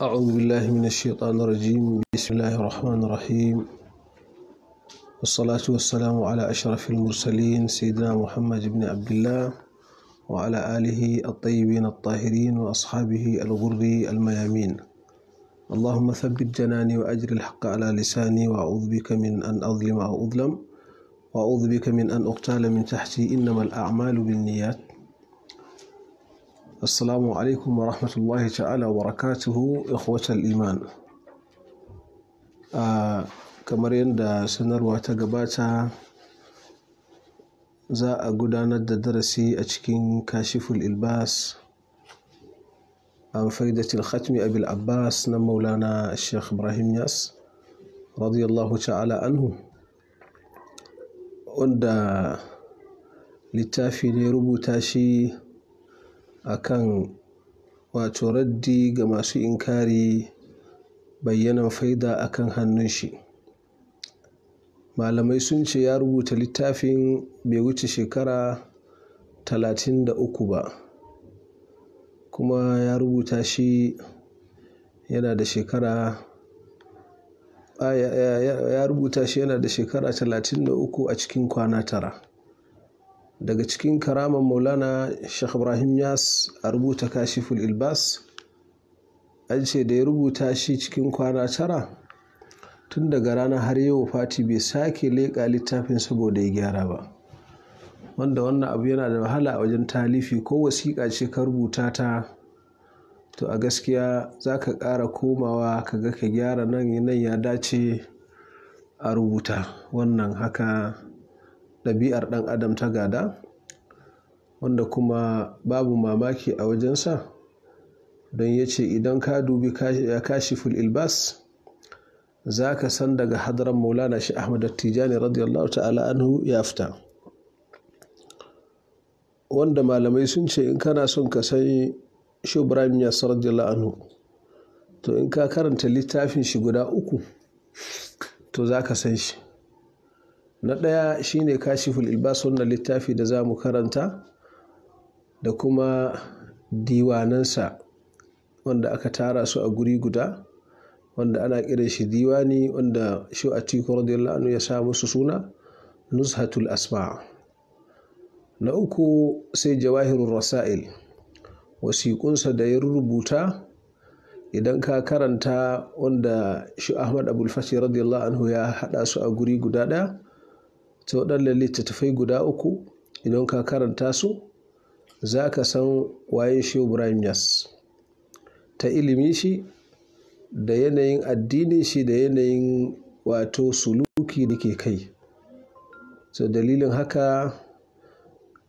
أعوذ بالله من الشيطان الرجيم بسم الله الرحمن الرحيم والصلاة والسلام على أشرف المرسلين سيدنا محمد بن عبد الله وعلى آله الطيبين الطاهرين وأصحابه الغر الميامين اللهم ثبت جناني وأجر الحق على لساني وأعوذ بك من أن أظلم أو أظلم وأعوذ بك من أن أقتال من تحتي إنما الأعمال بالنيات Assalamu alaikum wa rahmatullahi ta'ala wa barakatuhu ikhwatal iman. Ah, kamar yadda sanarwa ta gabata za a gudanar da darasi a cikin kashiful ilbas an faidatul khatmi abil abbas na maulana sheikh ibrahim yas radiyallahu ta'ala anhu wanda littafi ne rubuta shi akan wato raddi ga masu inkari bayyanan faida akan hannun shi malamai sun ce ya rubuta littafin bai wuce shekara 33 ba kuma ya rubuta shi yana da shekara ya rubuta shi yana da shekara talatin a cikin kwana tara daga cikin karaman maulana shekh ibrahim yas a rubuta kashiful ilbas an ce da ya rubuta shi cikin kwana tara tun daga rana har yau fati bai sake leƙa littafin saboda ya gyara ba wanda wannan abu yana da wahala a wajen talifi ko wasiƙa ce ka rubuta ta to a gaskiya za ka ƙara komawa ka ga ka gyara nan nan ya dace a rubuta wannan haka ɗabi'ar ɗan adam ta gada wanda kuma babu mamaki a wajensa don ya ce idan ka dubi kashiful ilbas za ka san daga hadarar maulana shi ahmad tijani radiyallahu ta'ala anhu ya fita wanda malamai sun ce in kana son ka san shi ibrahim yasir radiyallahu anhu to in ka karanta littafin shi guda uku to za ka san shi na ɗaya shine kashiful ilbas wannan littafi da za mu karanta da kuma diwanansa wanda aka tara su a guri guda wanda ana kiran shi diwani wanda shi a tiku radiyallahu ya sa musu suna nuzhatul asma na uku sai jawahirul rasail wasiƙunsa da ya rubuta idan ka karanta wanda shi ahmad abulfashi radiyallahu anhu ya haɗa su a guri guda ɗaya ta waɗannan littattafai guda uku idan ka karanta su za ka san waye shehu ta ilimi shi da yanayin addini shi da yanayin wato suluki da ke kai so dalilin haka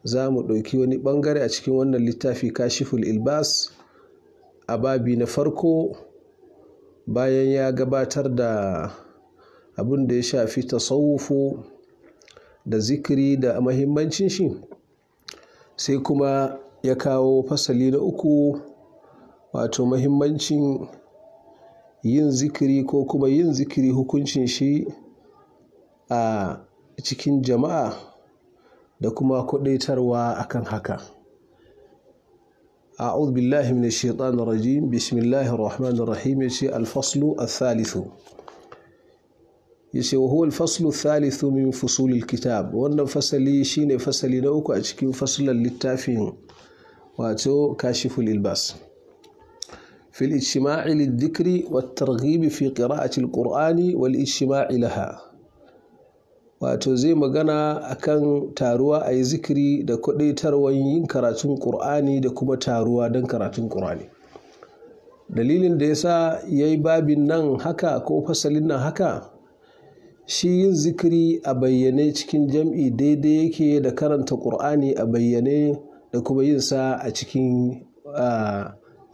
za mu ɗauki wani ɓangare a cikin wannan littafi kashiful ilbas a babi na farko bayan ya gabatar da abin da ya shafi tasawufu da zikiri da mahimmancin shi sai kuma ya kawo fasali na uku wato mahimmancin yin zikiri ko kuma yin zikiri hukuncin shi a cikin jama'a da kuma kudaitarwa akan haka أعوذ بالله من الشيطان الرجيم بسم الله الرحمن الرحيم الفصل الثالث yace wa huwa al-faslu ath min fusul kitab wannan fasali shine fasali na uku a cikin fasulan littafin wato kashiful ilbas في الاجتماع للذكر a cikin Kur'ani wal والاجتماع Laha. wato zai magana akan taruwa a yi zikiri da kwadaitarwar yin karatun ƙur'ani da kuma taruwa don karatun ƙur'ani dalilin da ya sa ya yi babin nan haka ko fasalin nan haka shi yin zikiri a bayyane cikin jam'i daidai yake da karanta ƙur'ani a bayyane da kuma yin sa a cikin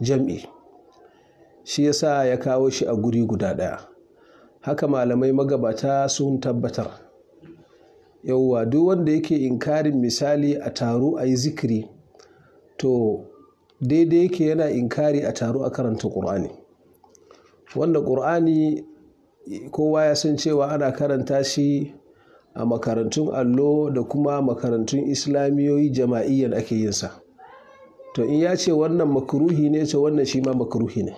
jam'i shi yasa ya kawo shi a guri guda ɗaya haka malamai magabata sun tabbatar yauwa duk wanda yake inkarin misali a taro a yi zikiri to daidai yake yana inkari a taro a karanta ƙur'ani wanda ƙur'ani kowa ya san cewa ana karanta shi a makarantun allo da kuma makarantun islamiyoyi jama'iyyar ake yinsa to in ya ce wannan makruhi ne ce wannan shi ma makaruhi ne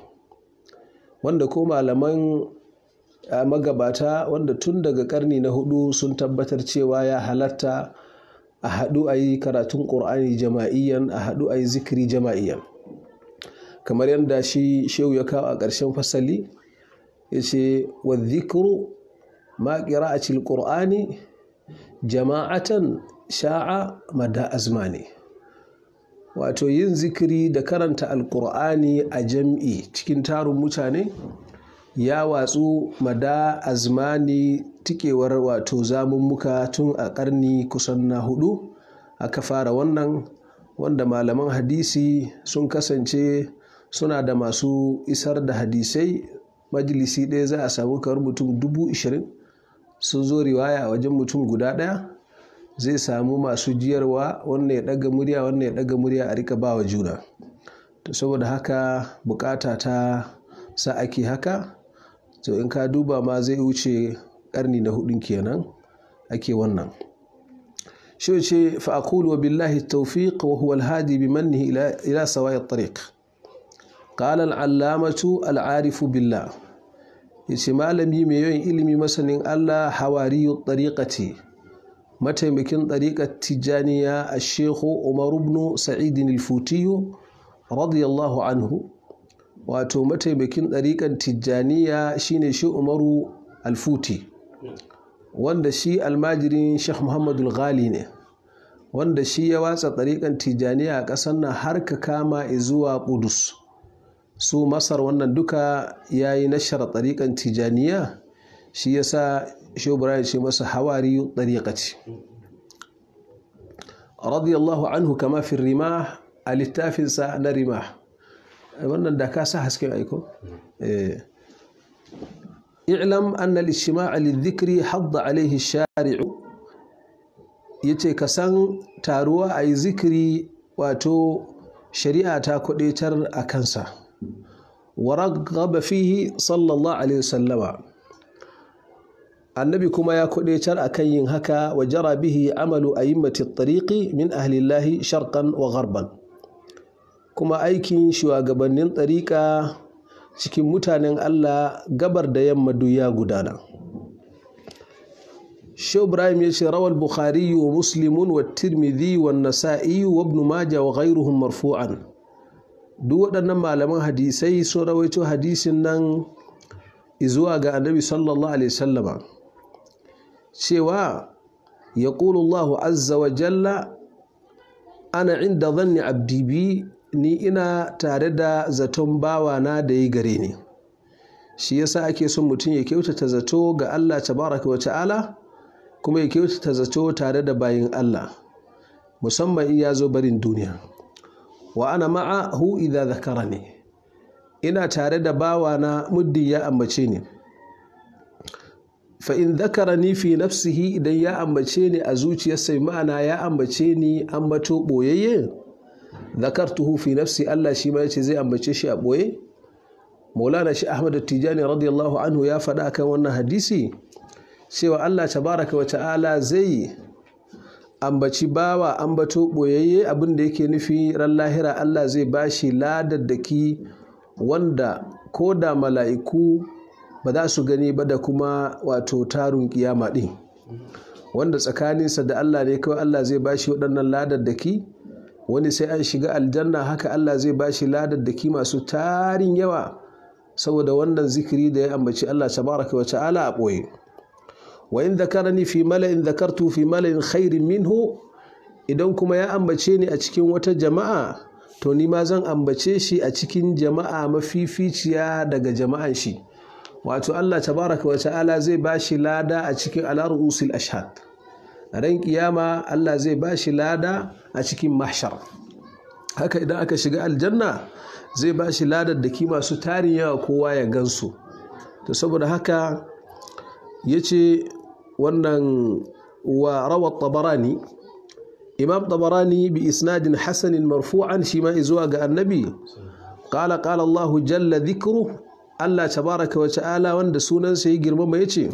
wanda ko malaman magabata wanda tun daga karni na hudu sun tabbatar cewa ya halatta a haɗu a yi karatun ƙur'ani jama'iyyan a haɗu a yi zikiri jama'iyyan kamar yadda shi shehu ya kawo a ƙarshen fasali yace wa dhikru ma qira'atil qur'ani jama'atan sha'a mada azmani wato yin zikiri da karanta alqur'ani a jam'i cikin tarin mutane ya watsu mada azmani tikewar wato zamummuka tun a karni kusan na hudu aka fara wannan wanda malaman hadisi sun kasance suna da masu isar da hadisai majalisi ɗaya za a samu kamar mutum dubu ishirin sun zo riwaya wajen mutum guda ɗaya zai samu masu jiyarwa wannan ya ɗaga murya wannan ya ɗaga murya a rika bawa juna to saboda haka bukata ta sa ake haka to in ka duba ma zai wuce karni na hudun kenan ake wannan shi ce fa aqulu wa billahi tawfiq wa huwa al-hadi bi ila ila sawa'i at-tariq qala al-allamatu al-arifu billah yace malami mai yawan ilimi masanin Allah hawariyu tariqati mataimakin tariqat tijaniya a shehu Umar ibn Sa'id radiyallahu anhu wato mataimakin tariqan tijaniya shine shi Umaru al-Futi wanda shi almajirin Sheikh Muhammadul Ghali ne wanda shi ya watsa tariqan tijaniya a ƙasar nan har ka kama zuwa Qudus su masar wannan duka ya yi nashar ɗariƙan tijaniya shi ya sa shi ya ce masa hawari ɗariƙa ce radiyallahu anhu kama fin rima a littafinsa na rima eh, wannan da ka sa hasken aiko eh. i'lam annal ishma'a lidhikri hadda alaihi shari'u yace ka san taruwa yi zikiri wato shari'a ta kudetar a kansa waragaba fihi sallallahu alaihi wasallama annabi kuma ya kuɗaitar a kan yin haka wa jara bihi amalu a yimmati tariƙi min ahlillahi sharqan wa gharban kuma aikin shugabannin ɗariƙa cikin mutanen Allah gabar da yamma duk ya gudana Shehu ya ce rawal Bukhari wa Muslimun wa Tirmidhi wa Nasa'i wa Ibn wa ghairuhum marfu'an duk waɗannan malaman hadisai sun rawaito hadisin nan Izuwa ga annabi sallallahu alaihi sallama cewa ya Allahu azza jalla ana inda zanni abdi abdibi ni ina tare da zaton bawana da yi gare ni shi yasa ake son mutum ya kyautata zato ga Allah tabaraka wa ta'ala kuma ya kyautata zato tare da bayin Allah musamman in ya zo barin duniya wa ana ma'ahu idza dhakarani ina tare da bawana muddin ya ambace ni fa in dhakarani fi nafsihi idan ya ambace ni a zuciyarsa ma'ana ya ambace ni ambato boyayye dhakartuhu fi nafsi Allah shi ma yace zai ambace shi a boye maulana shi ahmad tijani radiyallahu anhu ya faɗa kan wannan hadisi cewa Allah tabaraka wa ta'ala zai ambaci bawa ambato ɓoyayye abin da yake nufi ran lahira Allah zai bashi ladaddaki wanda ko da mala'iku ba za su gani ba da kuma wato tarun kiyama ɗin wanda tsakaninsa da Allah ne kawai Allah zai bashi waɗannan ladaddaki wani sai an shiga aljanna haka Allah zai bashi ladaddaki masu tarin yawa saboda wannan zikiri da ya ambaci Allah tabaraka wa ta'ala a ɓoye. wa in ni fi mala'in zakartu fi mala'in khairin minhu idan kuma ya ambace ni a cikin wata jama'a to ni ma zan ambace shi a cikin jama'a mafificiya daga jama'an shi wato Allah tabaraka wa ta'ala zai bashi lada a cikin al-rusul ashhad ran kiyama Allah zai bashi lada a cikin mahshar haka idan aka shiga aljanna zai bashi ladar da kima masu tarin yawa kowa ya gansu to saboda haka yace wannan wa rawa tabarani imam tabarani bi isnadin hasanin marfu'an shi ma zuwa ga annabi qala qala jalla zikru allah tabaraka wa ta'ala wanda sunansa ya girmama ce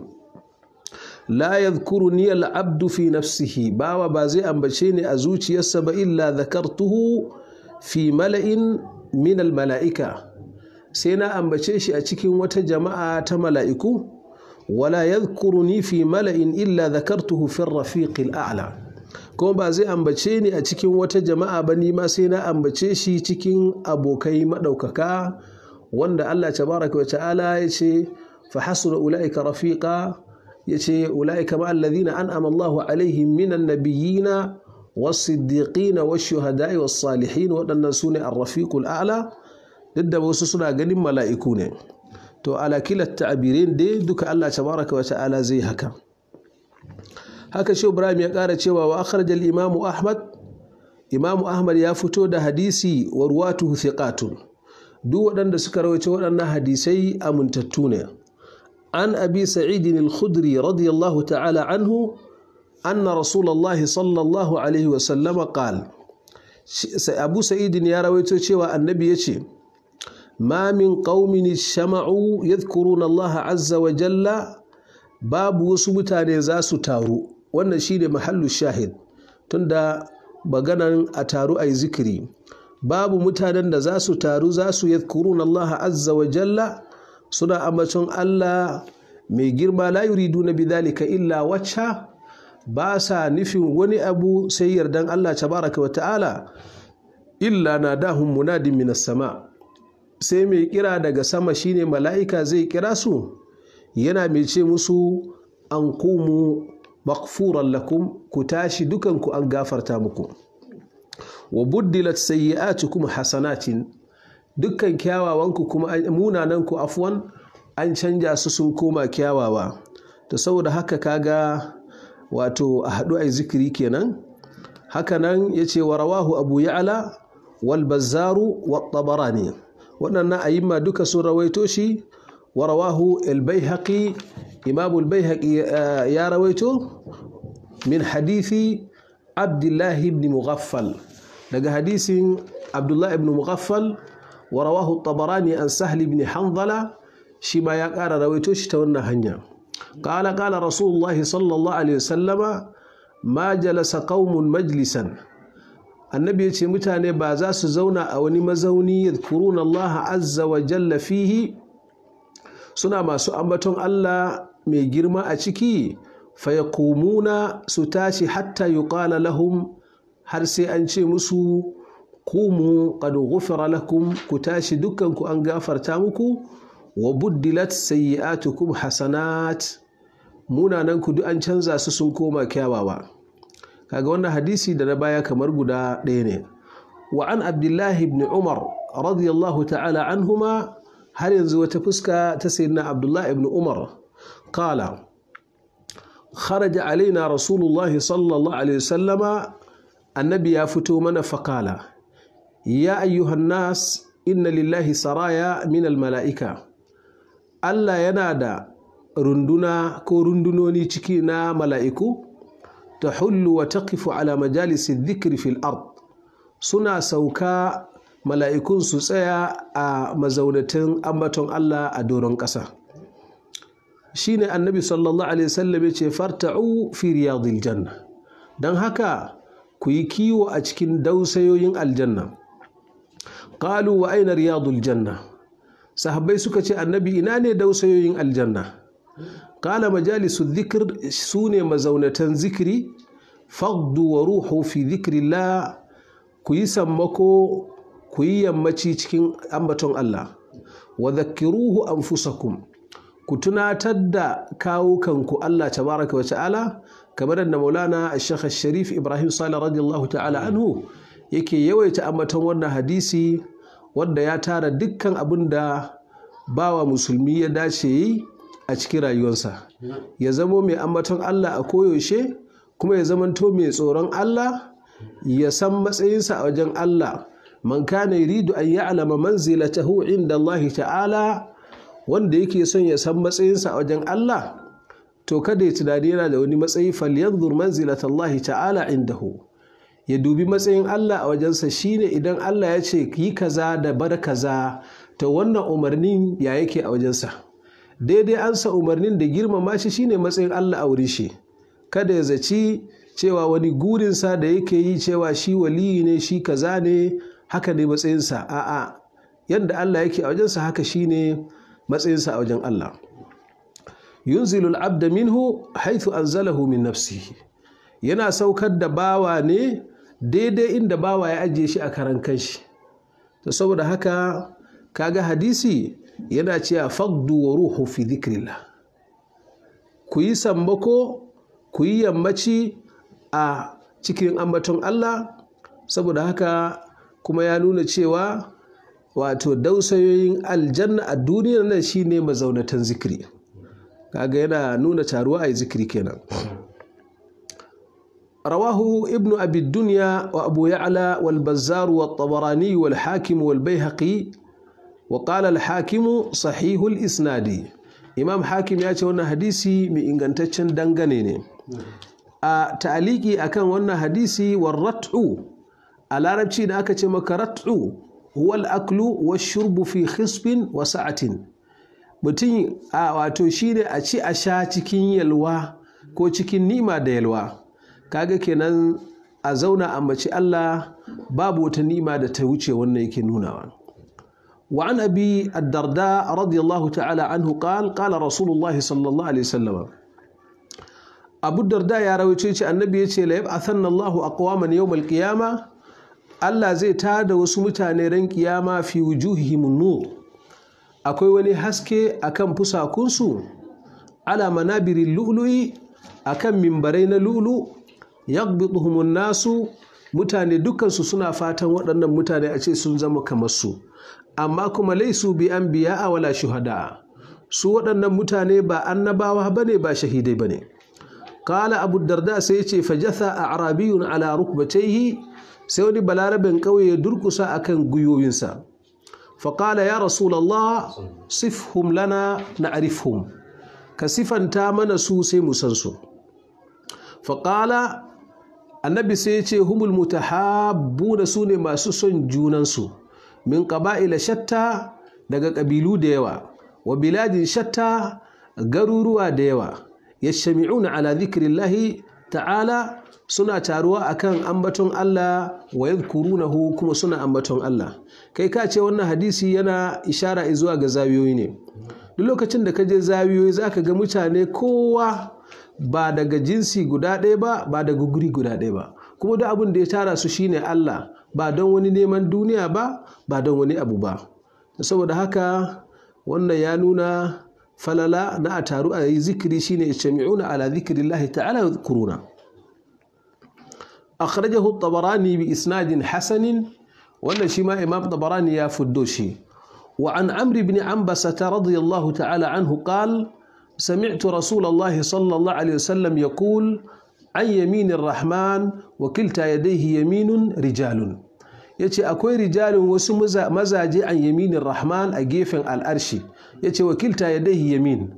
la ni al-abdu fi nafsihi bawa ba zai ambace ni a zuciyarsa ba illa zakartuhu fi mala'in min al-mala'ika sai na ambace shi a cikin wata jama'a ta mala'iku wala yadhkuruni fi mala'in illa dhakartuhu fi rafiqil a'la kuma ba zai ambace ni a cikin wata jama'a ba ni ma sai na ambace shi cikin abokai madaukaka wanda Allah tabaraka wa ta'ala ya ce fa hasuna ulaika rafiqa ya ce ula'ika ma alladhina an'ama Allahu alaihim minan nabiyyina was-siddiqina wash-shuhada'i was-salihin waɗannan sune ar rafikul a'la duk da wasu suna ganin mala'iku ne to ala kila ta'abirin dai duka Allah tabaraka wa ta'ala zai haka haka shi Ibrahim ya ƙara cewa wa akhraj al imam Ahmad Imam Ahmad ya fito da hadisi wa ruwatuhu thiqatun duk waɗanda suka rawaito waɗannan hadisai amintattu ne an abi sa'id al-khudri radiyallahu ta'ala anhu anna rasulullahi sallallahu alaihi wa sallama qala abu sa'id ya rawaito cewa annabi yace ce ma min qaumin shama'u yadhkuruna Allah azza wa jalla babu wasu mutane za su taru wannan shine mahallu shahid tunda maganan a taru ayi zikiri babu mutanen da za su taru za su yadhkuruna Allah azza wa jalla suna ambaton Allah mai girma la na bid'alika, illa wacca basa nufin wani abu sai yardan Allah tabaraka wa ta'ala illa nadahum munadin minas sama' sai mai kira daga sama shine mala'ika zai kira su yana mai ce musu an kumu makfuran lakum ku tashi dukanku an gafarta muku wa buddilat kuma hasanatin dukkan kyawawanku kuma munananku afwan an canja su sun koma kyawawa Ta saboda haka kaga wato a haɗu a zikiri kenan hakanan ce wa rawahu abu ya'ala wal bazzaru wat tabarani وأننا أيما دوكا سورة ويتوشي ورواه البيهقي إمام البيهقي يا رويتو من حديث عبد الله بن مغفل لقى حديث عبد الله بن مغفل ورواه الطبراني عن سهل بن حنظلة شما يقال رويتوش تونا هنيا قال قال رسول الله صلى الله عليه وسلم ما جلس قوم مجلساً annabi ya ce mutane ba za su zauna a wani mazauni yadkuruna Allah azza wa jalla fihi suna masu ambaton Allah mai girma a ciki fayakumuna su tashi hatta yuqala lahum har sai an ce musu kumu qad ghufira lakum ku tashi dukkan ku an gafarta muku wa buddilat sayyi'atukum hasanat munanan ku duk an canza su sun koma kyawawa kaga wannan hadisi da na baya kamar guda ɗaya ne wa an abdullahi ibn umar radiyallahu ta'ala anhuma har yanzu wata fuska ta sayyidina abdullahi ibn umar qala kharaja alaina rasulullahi sallallahu alaihi wasallama annabi ya fito mana faƙala ya ayyuhan nas inna lillahi saraya min mala'ika Allah yana da runduna ko rundunoni ciki na mala'iku tahullu wa taqifu ala majalisi dhikri fil ard suna sauka mala'ikun su tsaya a mazaunatan ambaton Allah a doron ƙasa shine annabi sallallahu alaihi wasallam ya ce farta'u fi riyadil janna Dan haka ku yi kiwo a cikin dausayoyin aljanna qalu wa aina riyadul janna sahabbai suka ce annabi ina ne dausayoyin aljanna kala majalisu dhikr sune mazaunatan zikiri fagdu wa ruhu fi dhikrillah ku yi sammako ku yi yammaci cikin ambaton Allah wa dhakkiruhu anfusakum ku tunatar da kawukanku Allah tabaraka wa ta'ala kamar da Maulana Sheikh Sharif Ibrahim Salih radiyallahu ta'ala anhu yake yawaita ambaton wannan hadisi wanda ya tara dukkan abinda da bawa musulmi ya dace yi a cikin rayuwarsa ya zamo mai ambaton Allah a koyaushe kuma ya zamanto mai tsoron Allah ya san matsayinsa a wajen Allah man kana yuridu an ya'lama manzilatahu inda Allah ta'ala wanda yake son ya san matsayinsa a wajen Allah to kada ya tunani yana da wani matsayi falyanzur manzilatallahi ta'ala indahu ya dubi matsayin Allah a wajensa shine idan Allah ya ce yi kaza da bar kaza to wannan umarnin ya yake a wajensa daidai ansa umarnin da girmama shi shine matsayin Allah a wurin shi kada ya zaci cewa wani gurinsa da yake yi cewa shi waliyi ne shi kaza ne haka ne matsayinsa a'a yadda Allah yake a wajensa haka shine matsayinsa a wajen Allah yunzilul abda minhu haythu anzalahu min nafsihi yana saukar da bawa ne daidai inda bawa ya ajiye shi a karan kanshi to saboda haka kaga hadisi yana cewa fagdu wa ruhu fi dhikrillah ku yi sambako ku yi yammaci a cikin ambaton Allah saboda haka kuma ya nuna cewa wato dausayoyin aljanna a duniyar nan shine mazaunatan zikri kaga yana nuna taruwa a zikri kenan Rawahu رواه ابن أبي الدنيا وأبو يعلى والبزار والطبراني والحاكم والبيهقي wa hakimu sahihul isnadi imam hakim ya ce wannan hadisi mai ingantaccen dangane ne a ta'aliki akan wannan hadisi warrat'u a larabci da aka ce maka rat'u wal aklu wa shurbu fi khisbin wa sa'atin mutum a wato shine a ci a sha cikin yalwa ko cikin nima da yalwa kaga kenan a zauna a mace Allah babu wata nima da ta wuce wannan yake nunawa وعن أبي الدرداء رضي الله تعالى عنه قال قال رسول الله صلى الله عليه وسلم أبو الدرداء يا رويتي النبي يتي ليبعثن الله أقواما يوم القيامة Allah zai tada wasu mutane ran fi wujuhihim nur akwai wani haske akan fusakunsu ala manabirin lu'lu'i akan mimbarai na lu'lu yaqbiduhum nasu mutane dukansu suna fatan waɗannan mutane a ce sun zama kamar su amma kuma laisu bi biya a wala shuhada su waɗannan mutane ba annabawa bane ba shahidai bane kala abu darda sai ce a a'rabiyun ala rukbatayhi sai wani balarabin ƙauye ya durkusa kan guyoyinsa faƙala ya rasulallah sifhum lana na'rifhum ka sifanta mana su sai mu san su faƙala annabi sai ce humul mutahabbuna su ne masu son junansu min ƙaba'ila shatta daga ƙabilu da yawa wa biladin shatta garuruwa da yawa ya yashami'una ala lahi ta'ala suna taruwa akan ambaton Allah wa yadhkurunahu kuma suna ambaton Allah kai ka ce wannan hadisi yana ishara zuwa ga zawiyoyi ne duk lokacin da ka je zawiyoyi ka ga mutane kowa ba daga jinsi guda ɗaya ba ba daga guri guda ɗaya ba kuma duk abin da ya tara su shine Allah ba don wani neman duniya ba ba don wani abu ba saboda haka wannan ya nuna falala na a taru a yi zikiri shine ijtami'una ala zikrillahi ta'ala yadhkuruna akhrajahu at-tabarani bi isnadin hasanin wannan shi ma imam tabarani ya fuddo shi wa an amr ibn ambasa radiyallahu ta'ala anhu qala سمعت رسول الله صلى الله عليه وسلم يقول عن يمين الرحمن وكلتا يديه يمين رجال ya ce akwai rijalin wasu mazaje an yaminin rahman a gefen al'arshi ya ce wakilta ya dahi yamin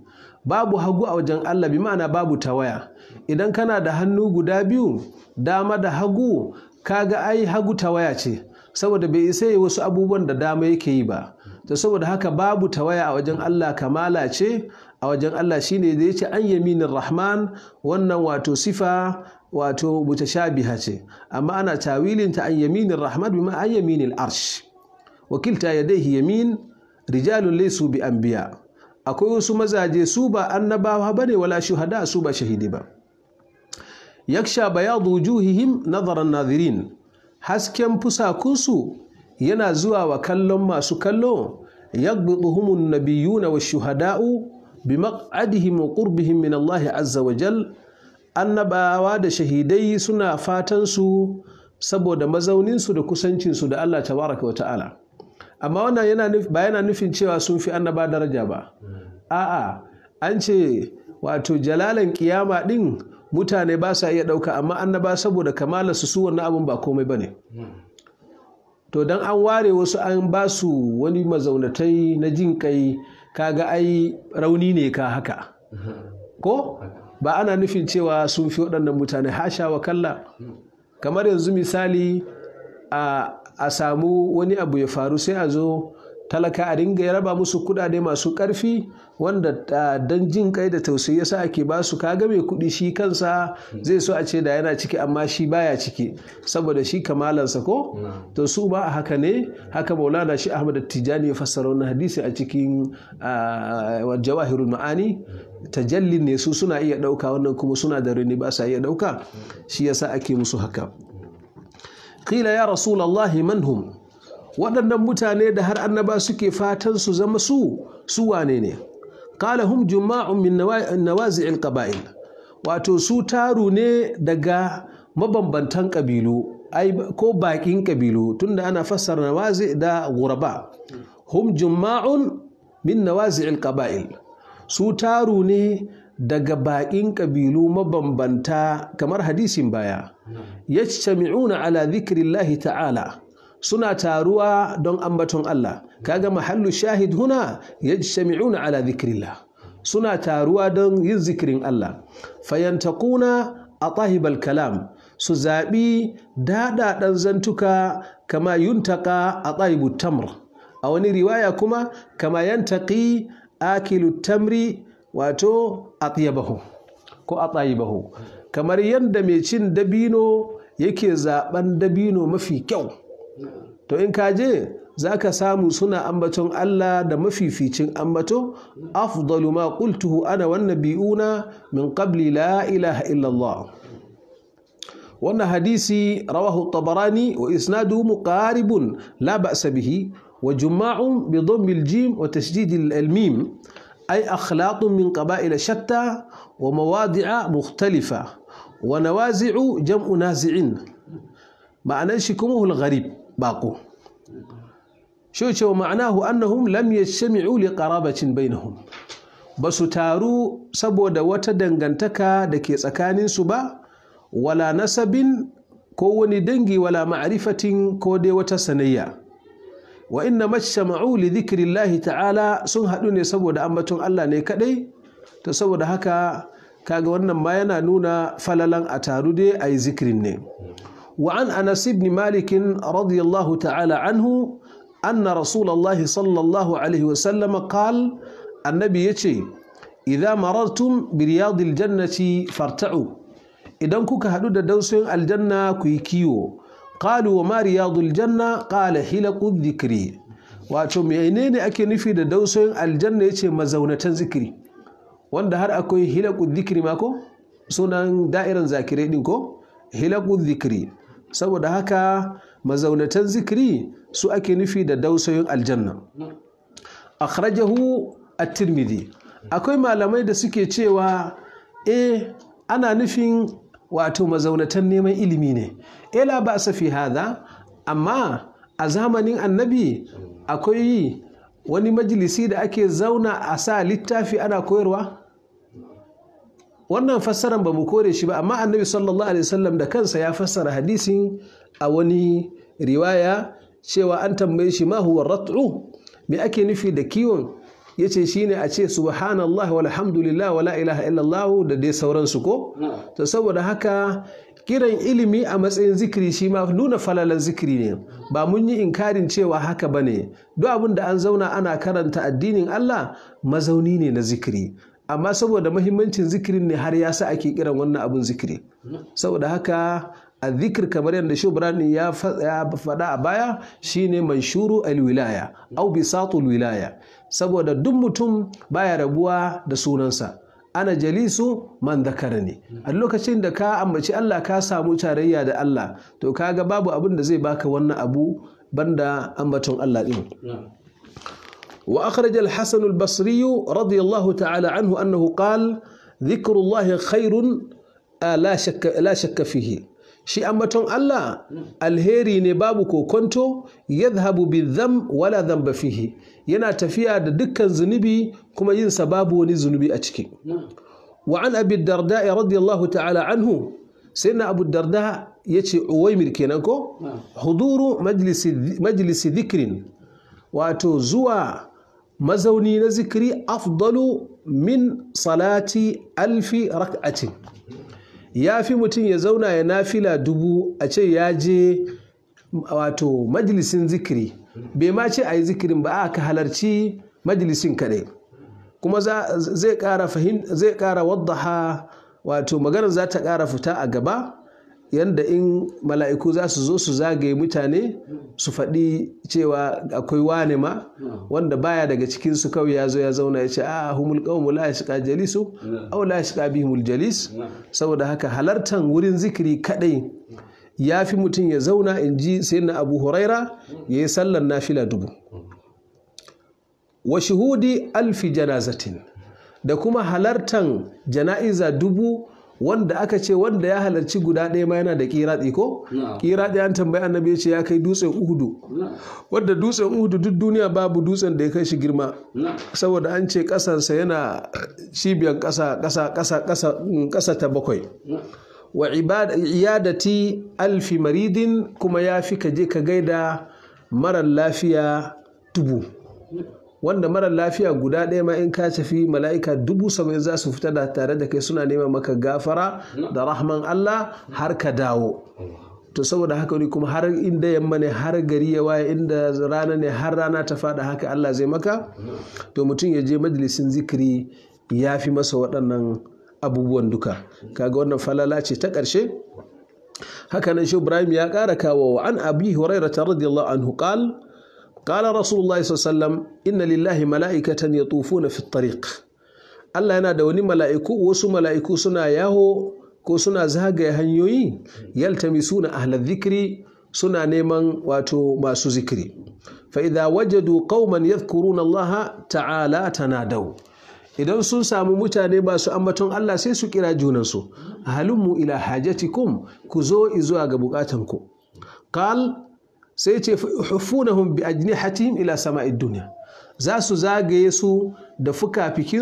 babu hagu a wajen Allah bi ma'ana babu tawaya idan kana da hannu guda biyu dama da hagu Ka ga ai hagu tawaya ce saboda bai isa yi wasu abubuwan da dama yake yi ba Ta saboda haka babu tawaya a wajen Allah kamala ce a wajen Allah shi ne da ce an yaminin rahman wannan wato sifa wato buta mutashabiha ce amma ana tawilin ta an yaminin rahman bima an yaminin arsh wakilta dai yamin rijalun laisu bi anbiya akwai wasu mazaje su ba annabawa ne wala shuhada su ba shahidi ba yaksha bayadu wujuhihim nadaran nadirin hasken fusakunsu yana zuwa wa kallon masu kallo yaqbiduhumun nabiyuna shuhada'u bimaqadihim wa qurbihim min Allah azza wa jal annabawa da shahidai suna fatan su saboda mazaunin su da kusancin su da Allah tabaraka wa ta'ala amma wannan yana ba yana nufin cewa sun fi annaba daraja ba a'a an ce wato jalalan kiyama din mutane ba sa iya ɗauka amma annaba saboda kamala su su wannan abin ba komai ba to dan an ware wasu an ba su wani mazaunatai na jin kai kaga ai rauni ne ka haka ko ba ana nufin cewa sun fi waɗannan mutane hasha wa kalla kamar yanzu misali a samu wani abu ya faru sai a zo talaka a dinga raba musu kudade masu karfi wanda don jin kai da tausayi yasa ake ba su kaga mai kudi shi kansa zai so a ce da yana ciki amma shi baya ciki saboda shi kamalansa ko to su ba a haka ne haka maulana shi ahmad tijani ya fassara wannan hadisi a cikin jawahirul ma'ani tajallin ne su suna iya dauka wannan kuma suna da rini ba sa iya dauka shi yasa ake musu haka qila ya rasulullahi man hum waɗannan mutane da har annaba suke fatan su zama su su wane ne Kala hum juma'un min nawazi'il qaba'il wato su taru ne daga mabambantan kabilu ai ko bakin kabilu tunda ana fassara nawazi da ghuraba hum juma'un min nawazi'il qaba'il su taru ne daga baƙin ƙabilu mabambanta kamar hadisin baya yajtami'una ala dhikrillahi ta'ala suna taruwa don ambaton Allah kaga mahallu shahid huna yajtami'una ala dhikrillah suna taruwa don yin zikirin Allah fayantakuna atahibal kalam su zaɓi daɗaɗan zantuka kama yuntaka a tamr a wani riwaya kuma kama yantaki akilu tamri wato a ko a kamar yadda mai cin dabino yake zaɓan dabino mafi kyau to in ka je za ka samu suna ambaton Allah da mafificin ambato afdalu ma qultuhu ana wan nabiuna min qabli la ilaha illa Allah wannan hadisi rawahu tabarani wa isnadu muqaribun la ba's bihi wa juma'un bi dhamm al-jim wa tashdid al-mim ay akhlaq min qaba'il shatta wa mawadi'a mukhtalifa wa nawazi'u jam'u nazi'in ma'anan shi al-gharib baƙo shi ce wa ma'anahu annahum lam karabacin li qarabatin bainahum ba su taru saboda wata dangantaka da ke tsakaninsu ba wala nasabin ko wani dangi wala ma'arifatin ko dai wata sanayya wa inna majtama'u li dhikrillahi ta'ala sun haɗu ne saboda ambaton Allah ne kadai ta saboda haka kaga wannan ma yana nuna falalan a taru dai ayi zikirin ne وعن أنس بن مالك رضي الله تعالى عنه أن رسول الله صلى الله عليه وسلم قال النبي يتشي إذا مررتم برياض الجنة فارتعوا إذن كوك هدود دوسين الجنة كيكيو قالوا وما رياض الجنة قال حلق الذكر wato menene أكي nufi دوسين الجنة aljanna مزونة ذكري zikiri wanda har akwai hilaqu dhikri mako sunan da'iran zakirai din ko hilaqu dhikri saboda haka mazaunatan zikiri su ake nufi da dausayin aljanna akhrajahu at-tirmidhi akwai malamai da suke cewa eh ana nufin wato mazaunatan neman ilimi ne eh, la ba sa hada amma a zamanin annabi akwai wani majalisi da ake zauna a sa littafi ana koyarwa wannan fassaran ba mu kore shi ba amma annabi sallallahu alaihi wasallam da kansa ya fassara hadisin a wani riwaya cewa an tambaye shi ma huwa rat'u me ake nufi da kiwon yace shine a ce subhanallahi walhamdulillah wala ilaha illallah da dai sauransu ko to saboda haka kiran ilimi a matsayin zikiri shi ma nuna falalan zikiri ne ba mun yi inkarin cewa haka bane duk abin da an zauna ana karanta addinin Allah mazauni ne na zikiri amma saboda mahimmancin zikirin ne har ya sa ake kiran wannan abun zikiri saboda haka a zikir kamar yadda shubrani ya faɗa a baya shine manshuru alwilaya au bisatul wilaya saboda duk mutum baya rabuwa da sunansa ana jalisu man zakara ne a lokacin da ka ambaci Allah ka samu tarayya da Allah to kaga babu abin da zai baka wannan abu banda ambaton Allah din وأخرج الحسن البصري رضي الله تعالى عنه أنه قال ذكر الله خير لا شك لا شك shi ambaton Allah alheri ne babu kokonto yadhhabu bidham wala dhanba fihi yana tafiya da dukkan zunubi kuma yin babu wani zunubi a ciki wa an abi darda radiyallahu ta'ala anhu sayyidina abu darda yace uwaimir kenan ko huduru majlisi majlisi dhikrin wato zuwa mazauni na zikiri afdalu min salati alfi rak'atin ya fi mutum ya zauna ya nafila dubu a ce ya je wato majalisin zikiri bai ma ce a yi zikirin ba aka halarci majalisin kaɗai kuma zai ƙara ha wato maganar za ta ƙara fita a gaba yanda in mala'iku za su zo su zagaye mutane su faɗi cewa akwai wane ma wanda baya daga cikin su kawai ya zo ya zauna ya ce a ah, humul mu la shiƙa jalisu aw la bi bihimul jalis saboda haka halartan wurin zikiri kaɗai ya fi mutum ya zauna in ji sai na abu huraira ya yi sallar fila dubu wa shuhudi alfi janazatin da kuma halartan jana'iza dubu wanda aka ce wanda ya halarci guda ɗaya ma yana da kiratsi ko kiratsi an tambayi annabi ya ce ya kai dutsen uhudu wadda dutsen uhudu duk duniya babu dutsen da ya kai shi girma saboda an ce ƙasarsa yana cibiyar ƙasa ƙasa ƙasa ƙasa mm, ƙasa ta bakwai wa iyadati alfi maridin kuma ya fi ka je ka gaida marar lafiya tubu wanda mara lafiya guda ɗaya ma in ka tafi mala'ika dubu saba'in za su fita da tare da kai suna neman maka gafara da rahman Allah har ka dawo to saboda haka ne kuma har inda yamma ne har gari ya waye inda rana ne har rana ta fada haka Allah zai maka to mutum ya je majalisin zikiri ya fi masa waɗannan abubuwan duka kaga wannan falala ce ta ƙarshe haka nan shi Ibrahim ya ƙara kawo an abi hurairah radiyallahu anhu qala Ƙala Rasulullah sallam inna lillahi mala'ikatan ya tufu na fitariq. Allah yana da wani mala'iku wasu mala'iku suna yaho ko suna zagaye hanyoyi yaltamisuna na ahlar suna neman wato masu zikiri. Fa'iza wajadu qauman yadhkuruna Allah ta'ala tanadau. idan sun samu mutane masu ambaton Allah sai su kira junansu halummu ila hajatikum ku zo izuwa ga bukatanku qal sai ce hufunahum bi ajnihatihim ila sama'id dunya za su zagaye su da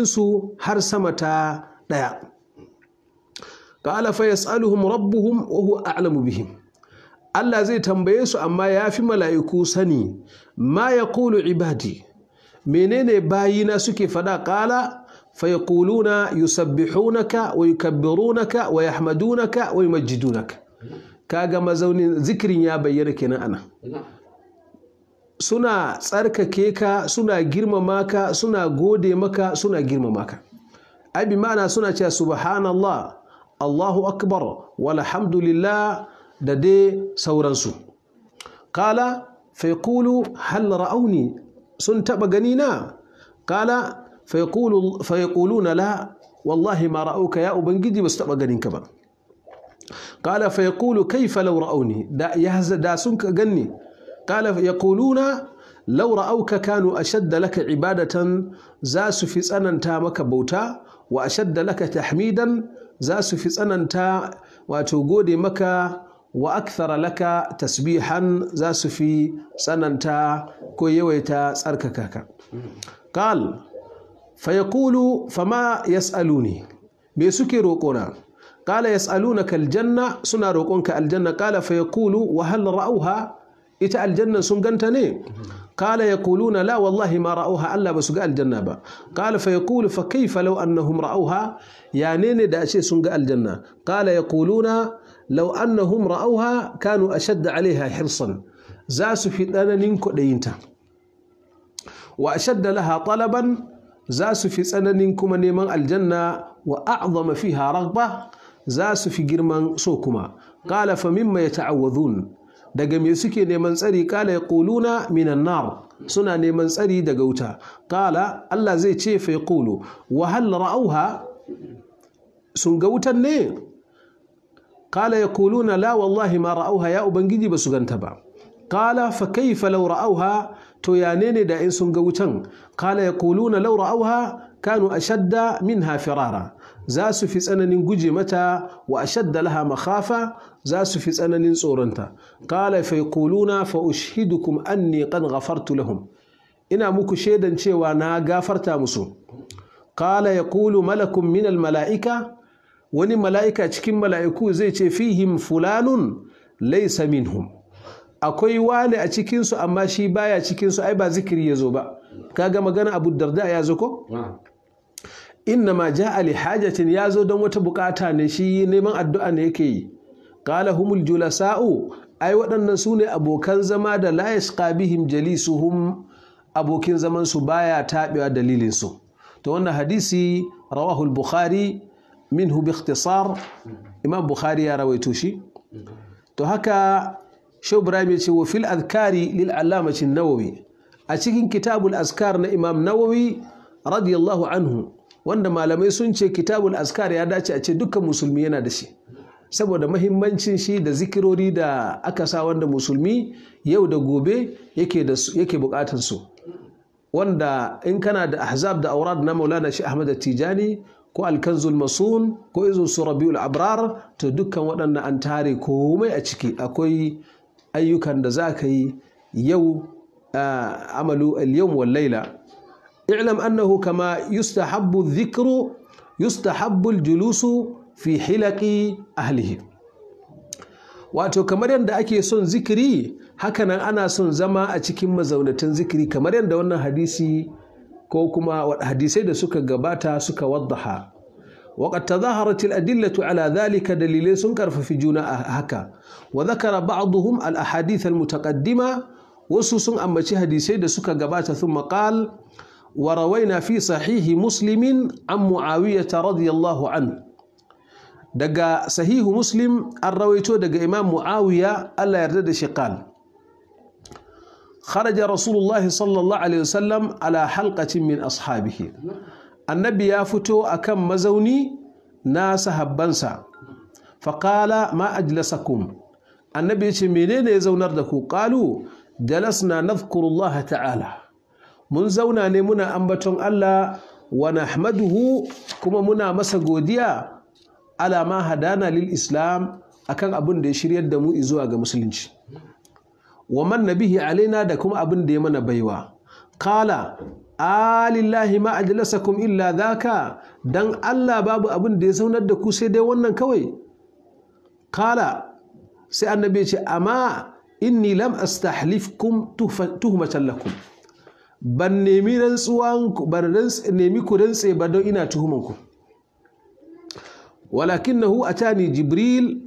su har sama ta ɗaya qala fa yas'aluhum rabbuhum wa huwa a'lamu bihim Allah zai tambaye su amma ya fi mala'iku sani ma yaqulu ibadi menene bayina suke faɗa qala فيقولون wa ويكبرونك ويحمدونك majidunaka. Ka ga mazaunin zikirin ya bayyana kenan ana. suna tsarkake ka suna girmama ka suna gode maka suna girmama ka ai ma'ana suna cewa subhanallah Allahu akbar walhamdulillah da dai sauransu kala faikulu hal ra'auni sun taba gani na kala na la wallahi ma ra'auka ya ubangiji ba su taba ganin ka ba qala fa yaqulu kayfa law ra'awni da yahza da sun ka ganni qala yaquluna law ra'awka kanu ashadda laka ibadatan za su fi tsananta maka bauta wa ashadda laka tahmidan za su fi tsananta wato gode maka wa akthara laka tasbihan za su fi tsananta ko yawaita tsarkaka ka qal fa yaqulu fama yas'aluni me suke roƙona qala yas'alunaka aljanna suna roƙonka aljanna qala fa yaqulu wa hal ra'awha ita aljanna sun ganta ne qala yaquluna la wallahi ma ra'awha Allah su ga aljanna ba kala fa yaqulu fa kayfa law annahum ra'awha ya ne da ce sun ga aljanna qala yaquluna law annahum ra'awha kanu ashadda alaiha hirsan za su fi tsananin kuɗayinta wa ashadda laha talaban za su fi tsananin kuma neman aljanna wa a'zama fiha raghba za su fi girman so kuma Ƙala fa mimma yata'awwadhun daga me suke neman tsari qala yaquluna minan nar suna neman tsari daga wuta Ƙala Allah zai ce fa yaqulu wa hal ra'awha sun ga wutan ne qala yaquluna la wallahi ma ra'awha ya ubangiji ba su ganta ba Ƙala fa kayfa law ra'awha to ya ne da in sun ga wutan qala yaquluna law ra'awha kanu ashadda minha firara za su fi tsananin guje mata wa ashadda laha makhafa za su fi tsananin tsoronta qala fa yaquluna fa ushhidukum anni qad ghafartu lahum ina muku shaidan cewa na gafarta musu qala yaqulu malakun min al malaika wani mala'ika cikin mala'iku zai ce fihim fulanun laysa minhum akwai wani a cikinsu amma shi baya cikinsu ai ba zikiri ya zo ba kaga magana abu darda ya zo ko ah. inna ma Ali, li hajatin ya zo don wata bukata ne shi neman addu'a ne yake yi qala humul julasa'u ai waɗannan su ne abokan zama da la yasqa bihim jalisuhum abokin zaman su baya taɓewa dalilin su to wannan hadisi rawahu al-bukhari minhu bi ikhtisar imam bukhari ya rawaito shi to haka shehu ibrahim ya ce wa fil adhkari lil allamati nawawi a cikin kitabul azkar na imam nawawi radiyallahu anhu wanda malamai sun ce kitabul askar ya dace a ce dukkan musulmi yana da shi saboda mahimmancin shi da zikirori da aka sa wanda musulmi yau da gobe yake bukatar su wanda in kana da ahzab da aurad na maulana shi ahmad tijani ko alkanzul masun ko izu surabiul abrar to dukkan waɗannan an tare komai a ciki akwai ayyukan da za ka yi yau ah, amalu al-yawm wal laila اعلم أنه كما يستحب الذكر يستحب الجلوس fi حلق أهله wato kamar yadda ake son zikiri hakanan ana son zama a cikin mazaunatan zikiri kamar yadda wannan hadisi ko kuma hadisai da suka gabata suka waddaha waqad tadhaharat al-adillatu ala dhalika dalilai sun karfafi juna haka wa dhakara ba'dhum al-ahadith al-mutaqaddima wasu sun ambaci hadisai da suka gabata thumma qala وروينا في صحيح مسلم عن معاوية رضي الله عنه دقا صحيح مسلم الرويتو دقا إمام معاوية ألا يرد قال خرج رسول الله صلى الله عليه وسلم على حلقة من أصحابه النبي يافتو أكم مزوني ناس هبنسا فقال ما أجلسكم النبي يتمينين يزونردكو قالوا جلسنا نذكر الله تعالى mun zauna ne muna ambaton Allah wa nahmaduhu kuma muna masa godiya Alama hadana lil islam akan abin da ya shiryar da mu zuwa ga musulunci wa man nabihi alaina da kuma abin da ya mana baiwa qala alillahi ma ajlasakum illa dhaka dan Allah babu abin da ya zaunar da ku sai dai wannan kawai qala sai annabi ya ce amma inni lam astahlifkum tuhmatan lakum ban nemi rantsuwan ban nemi ku rantse ba don ina tuhuman ku a cani jibril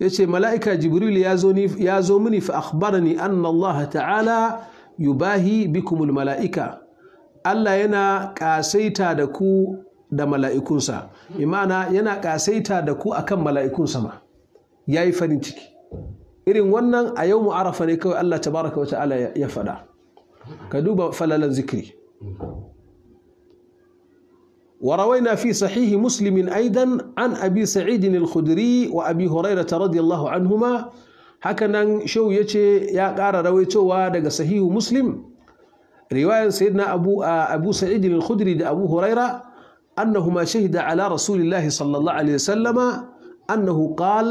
yace mala'ika jibril ya zo jibril ya zo mini fa akhbarani an Allah ta'ala yubahi bikumul mala'ika Allah yana kasaita da ku da mala'ikunsa imana yana kasaita da ku akan mala'ikunsa ma yayi farin ciki irin wannan a yau mu ne kawai Allah Ta baraka wata ta'ala ya faɗa ka duba falalan zikiri وروينا في صحيح مسلم أيضا عن أبي سعيد الخدري وأبي هريرة رضي الله عنهما هكذا شو يتي يا قارا رويتو ودق صحيح مسلم رواية سيدنا أبو أبو سعيد الخدري دا أبو هريرة أنهما شهد على رسول الله صلى الله عليه وسلم أنه قال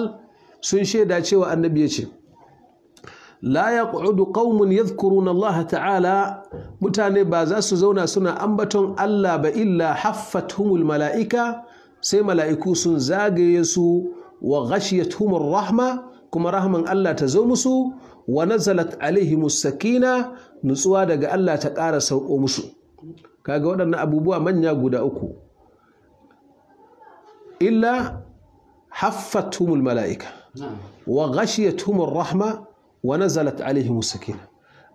سن شهد أن النبي يتي la yaq'udu qaumun yadhkuruna Allah ta'ala mutane ba za su zauna suna ambaton Allah ba illa haffat-humul mala'ika sai mala'iku sun zagaye su wa ghashiyatuhumur rahma kuma rahman Allah ta zo musu wa nazalat alaihi sakina nutsuwa daga Allah ta ƙara sauko musu kaga waɗannan abubuwa manya guda uku illa haffathumul mala'ika wa ghashiyatuhumur rahma wa nazalat alaihim sakina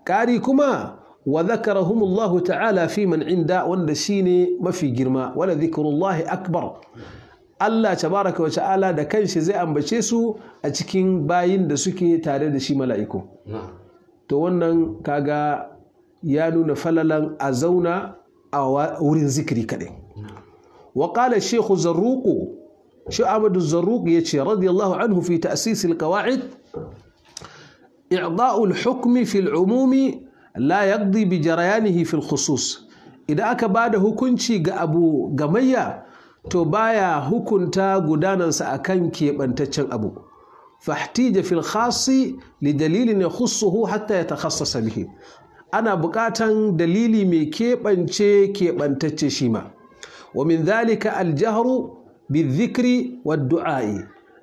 ƙari kuma wa zakarahumullahu ta'ala fi man inda wanda shine mafi girma wala zikrullahi akbar Allah tabaraka wa ta'ala da kanshi zai ambace su a cikin bayin da suke tare da shi mala'iku to wannan kaga ya nuna falalan a zauna a wurin zikiri kaɗai wa qala shaykhu zarruqu shi Ahmadu Zarruq yace anhu fi ta'sis al i'da'ul hukmi fil umumi la yaqdi bi jarayanihi fil idan aka bada hukunci ga abu gamayya to baya hukunta gudanansa akan keɓantaccen abu fahtija fil khasi li dalilin yakhussuhu ya yatakhassasa bihi ana bukatan dalili mai keɓance keɓantacce shi ma wa min dhalika al jahru bi dhikri wad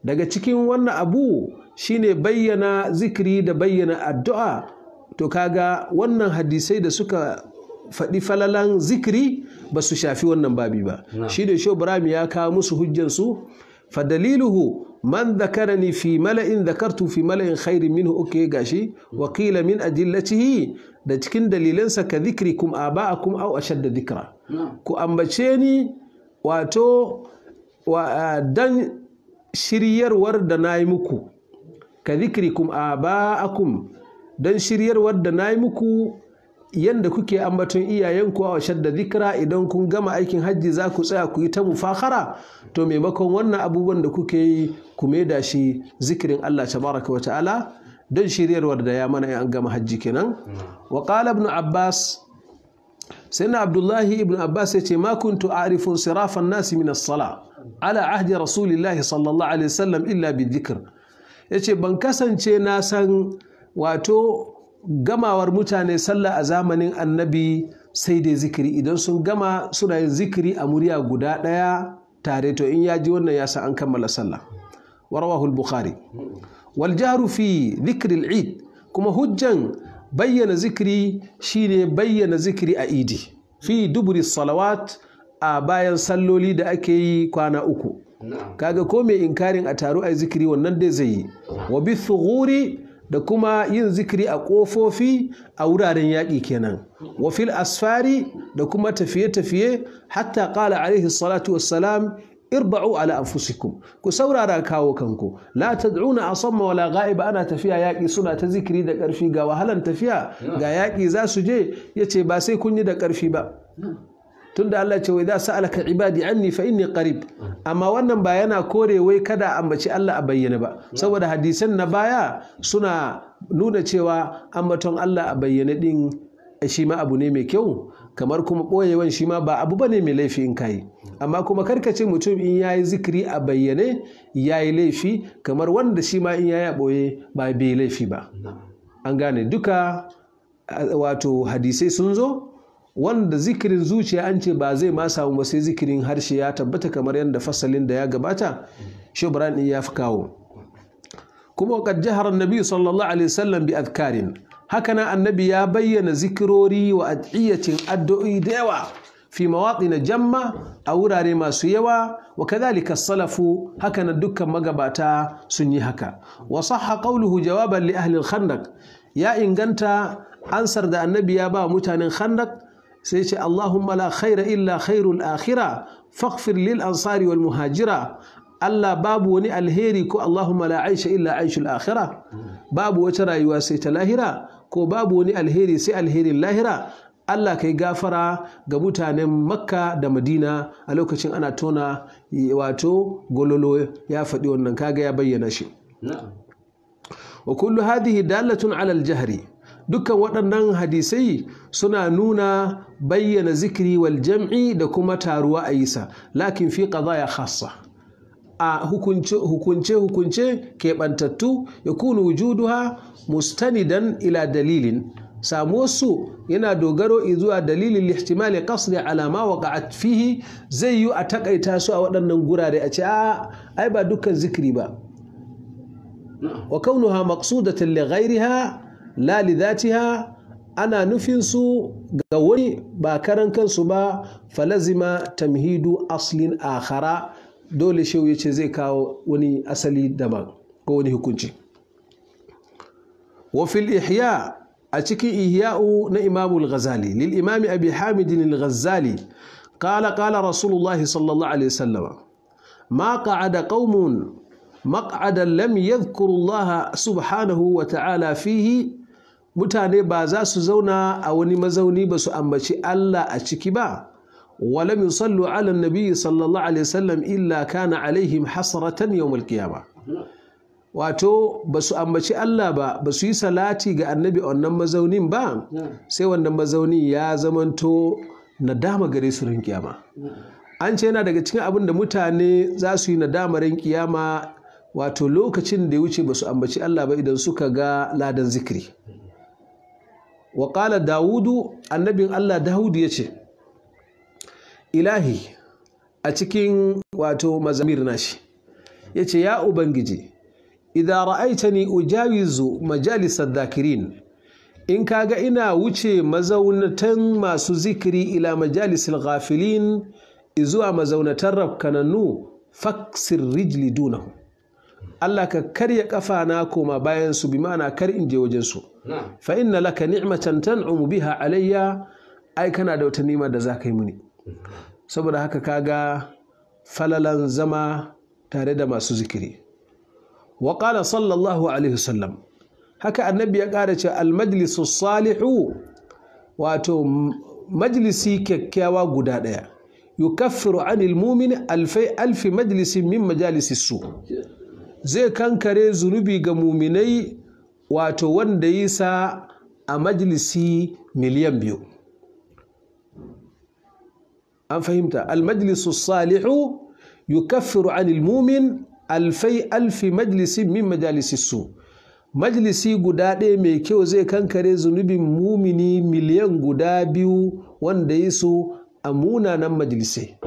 daga cikin wannan abu shine bayyana zikiri da bayyana addu'a to kaga wannan hadisai da suka faɗi falalan zikiri ba su shafi wannan babi ba shi da shobram ya kawo musu hujjansu fadaliluhu man dhakarani fi mala'in zakartu fi mala'in khairin minhu uke gashi wakila min ajillatihi da cikin dalilansa ka zikiri a ba dhikrikum au a shadda zikira. ku ambace ni wato wa eh, dan shiryarwar da na yi muku ka zikrikum aba'akum don shiryarwar da na muku yadda kuke ambaton iyayenku a da zikira idan kun gama aikin hajji za ku tsaya ku yi ta mufakara to maimakon wannan abubuwan da kuke yi ku maida shi zikirin Allah tabaraka wa ta'ala don shiryarwar da ya mana an gama hajji kenan wa qala ibn abbas sayyidina abdullahi ibn abbas yace ma kuntu a'rifu sirafan nasi min as-sala ala ahdi rasulillahi sallallahu alaihi wasallam illa bi dhikr ya ce ban kasance na san wato gamawar mutane sallah a zamanin annabi sai dai zikiri idan sun gama suna yin zikiri a murya guda ɗaya tare to in ya ji wannan ya san an kammala sallah warawahu al-bukhari wal fi dhikri al kuma hujjan bayyana zikiri shine bayyana zikiri a idi fi duburi salawat a bayan salloli da ake yi kwana uku kaga ko mai inkarin a taro a zikiri wannan dai zai yi wa bi da kuma yin zikiri a ƙofofi a wuraren yaƙi kenan wa fil asfari da kuma tafiye-tafiye hatta qala alaihi salatu wassalam irba'u ala anfusikum ku saurara kawo kanku la tad'una asamma wala ghaiba ana tafiya yaƙi suna ta zikiri da ƙarfi ga wahalan tafiya ga yaƙi za su je yace ba sai kun yi da ƙarfi ba tunda Allah ce wai za su alaka ibadi anni fa inni karib. amma wannan ba yana kore wai kada a ambaci Allah a bayyana ba saboda hadisan na baya suna nuna cewa ambaton Allah a bayyane din shi ma abu ne mai kyau kamar kuma ɓoyewan shi ma ba abu ba ne mai laifi in kayi amma kuma karkace mutum in ya yi zikiri a bayyane ya yi laifi kamar wanda shi ma in ya yi ɓoye ba bai laifi ba an gane duka wato hadisai sun zo wanda zikirin zuciya an ce ba zai ma samu ba sai zikirin harshe ya tabbata kamar yadda fasalin da ya gabata Shubrani ya fi kawo kuma kad jihar annabi sallallahu alaihi wasallam bi haka na annabi ya bayyana zikirori wa adiyatin addu'i da yawa fi mawaqin jamma a wurare masu yawa wa kadhalika salafu hakana dukkan magabata sun yi haka wa sahha qawluhu jawaban li ahli al-khandaq ya inganta ansar da annabi ya ba mutanen khandaq sai ce Allahumma la khaira illa khairul akhira faghfir lil ansari wal muhajira Allah babu wani alheri ko Allahumma la aisha illa aishul akhira babu wata rayuwa sai ta lahira ko babu wani alheri sai alherin lahira Allah kai gafara ga mutanen Makka da Madina a lokacin ana tona wato gololo ya faɗi wannan kaga ya bayyana shi wa kullu hadhihi dalatun ala al-jahri dukkan waɗannan hadisai suna nuna bayyana zikiri wal jam'i da kuma taruwa a isa. lakin fi ya khassa a hukunce hukunce keɓantattu ya kunu mustani mustanidan ila dalilin samuwarsu yana dogaro zuwa dalilin lihtimali qasdi ne alama fihi zai yi a takaita su a waɗannan gurare a ce a ai ba dukkan zikiri ba wa kaunuha maksudatun li ha. lali lidatiha ana nufin su ga wani ba karan kansu ba falazima tamhidu aslin akhara dole shi ya ce zai kawo wani asali daban ko wani hukunci wa fil ihya a cikin ihya'u na imamu al-ghazali lil imami abi hamidin al-ghazali qala qala rasulullahi sallallahu alaihi wasallam ma qa'ada qaumun مقعدا لم يذكر الله سبحانه mutane ba za su zauna a wani mazauni ba su ambaci Allah a ciki ba Wala min sallu ala nabi sallallahu alaihi wasallam illa kana alaihim hasratan yawm alqiyama wato ba su ambaci Allah ba ba su yi salati ga annabi wannan mazaunin ba sai wannan mazauni ya zamanto nadama gare su rin kiyama an ce yana daga cikin abin da mutane za su yi nadama rin kiyama wato lokacin da ya wuce ba su ambaci Allah ba idan suka ga ladan zikiri wa dawudu annabin Allah Dawudu yace ilahi a cikin wato mazamir nashi yace ya ubangiji ra'aita ni ujawizu majalisar adh-dhakirin in kaga ina wuce mazaunatan masu zikiri ila majalisil ghafilin izuwa mazaunatan rafkananu faksir rijli dunahu Allah ka karya na koma bayan su bi ma'ana kar in je wajen su fa inna laka ni'matan tan'umu biha alayya ai kana da wata nima da zaka yi muni saboda haka kaga falalan zama tare da masu zikiri wa qala sallallahu alaihi wasallam haka annabi ya ƙara ce al majlisu salihu wato majlisi kyakkyawa guda ɗaya yukaffiru anil mu'mini alfai alfi majlisin min majalisi su zai kankare zunubi ga muminai wato wanda yi sa a majalisi miliyan biyu an fahimta almajlisu salihu yukaffiru anil mumin alfai alfi majlisi min majalisi su majalisi guda ɗaya mai kyau zai kankare zunubin mumini miliyan guda biyu wanda yi su a munanan majalisai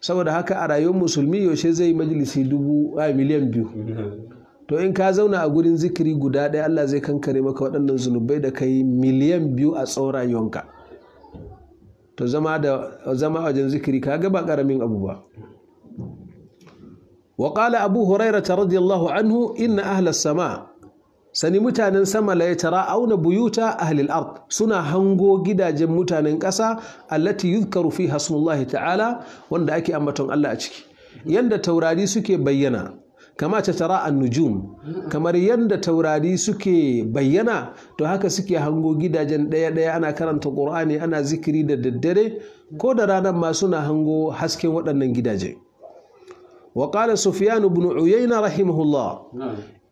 saboda haka a rayuwar musulmi yaushe zai yi majalisi dubu a miliyan biyu to in ka zauna a gurin zikiri guda ɗaya Allah zai kankare maka waɗannan zunubai da kai miliyan biyu a tsawon rayuwanka to zama wajen zikiri ka ga ba ƙaramin abu ba wa qala abu hurairah radiyallahu anhu inna ahla sama sani mutanen sama la Auna, buyuta ahlil ard suna hango gidajen mutanen ƙasa allati yuzkaru fi hasmullahi ta'ala wanda ake ambaton Allah a ciki yanda taurari suke bayyana kama ta tara an nujum kamar yadda taurari suke bayyana to haka suke hango gidajen ɗaya ɗaya ana karanta ƙur'ani ana zikiri da daddare ko da ranar ma suna hango hasken waɗannan gidaje wa ƙala sufyan ibn uyayna rahimahullah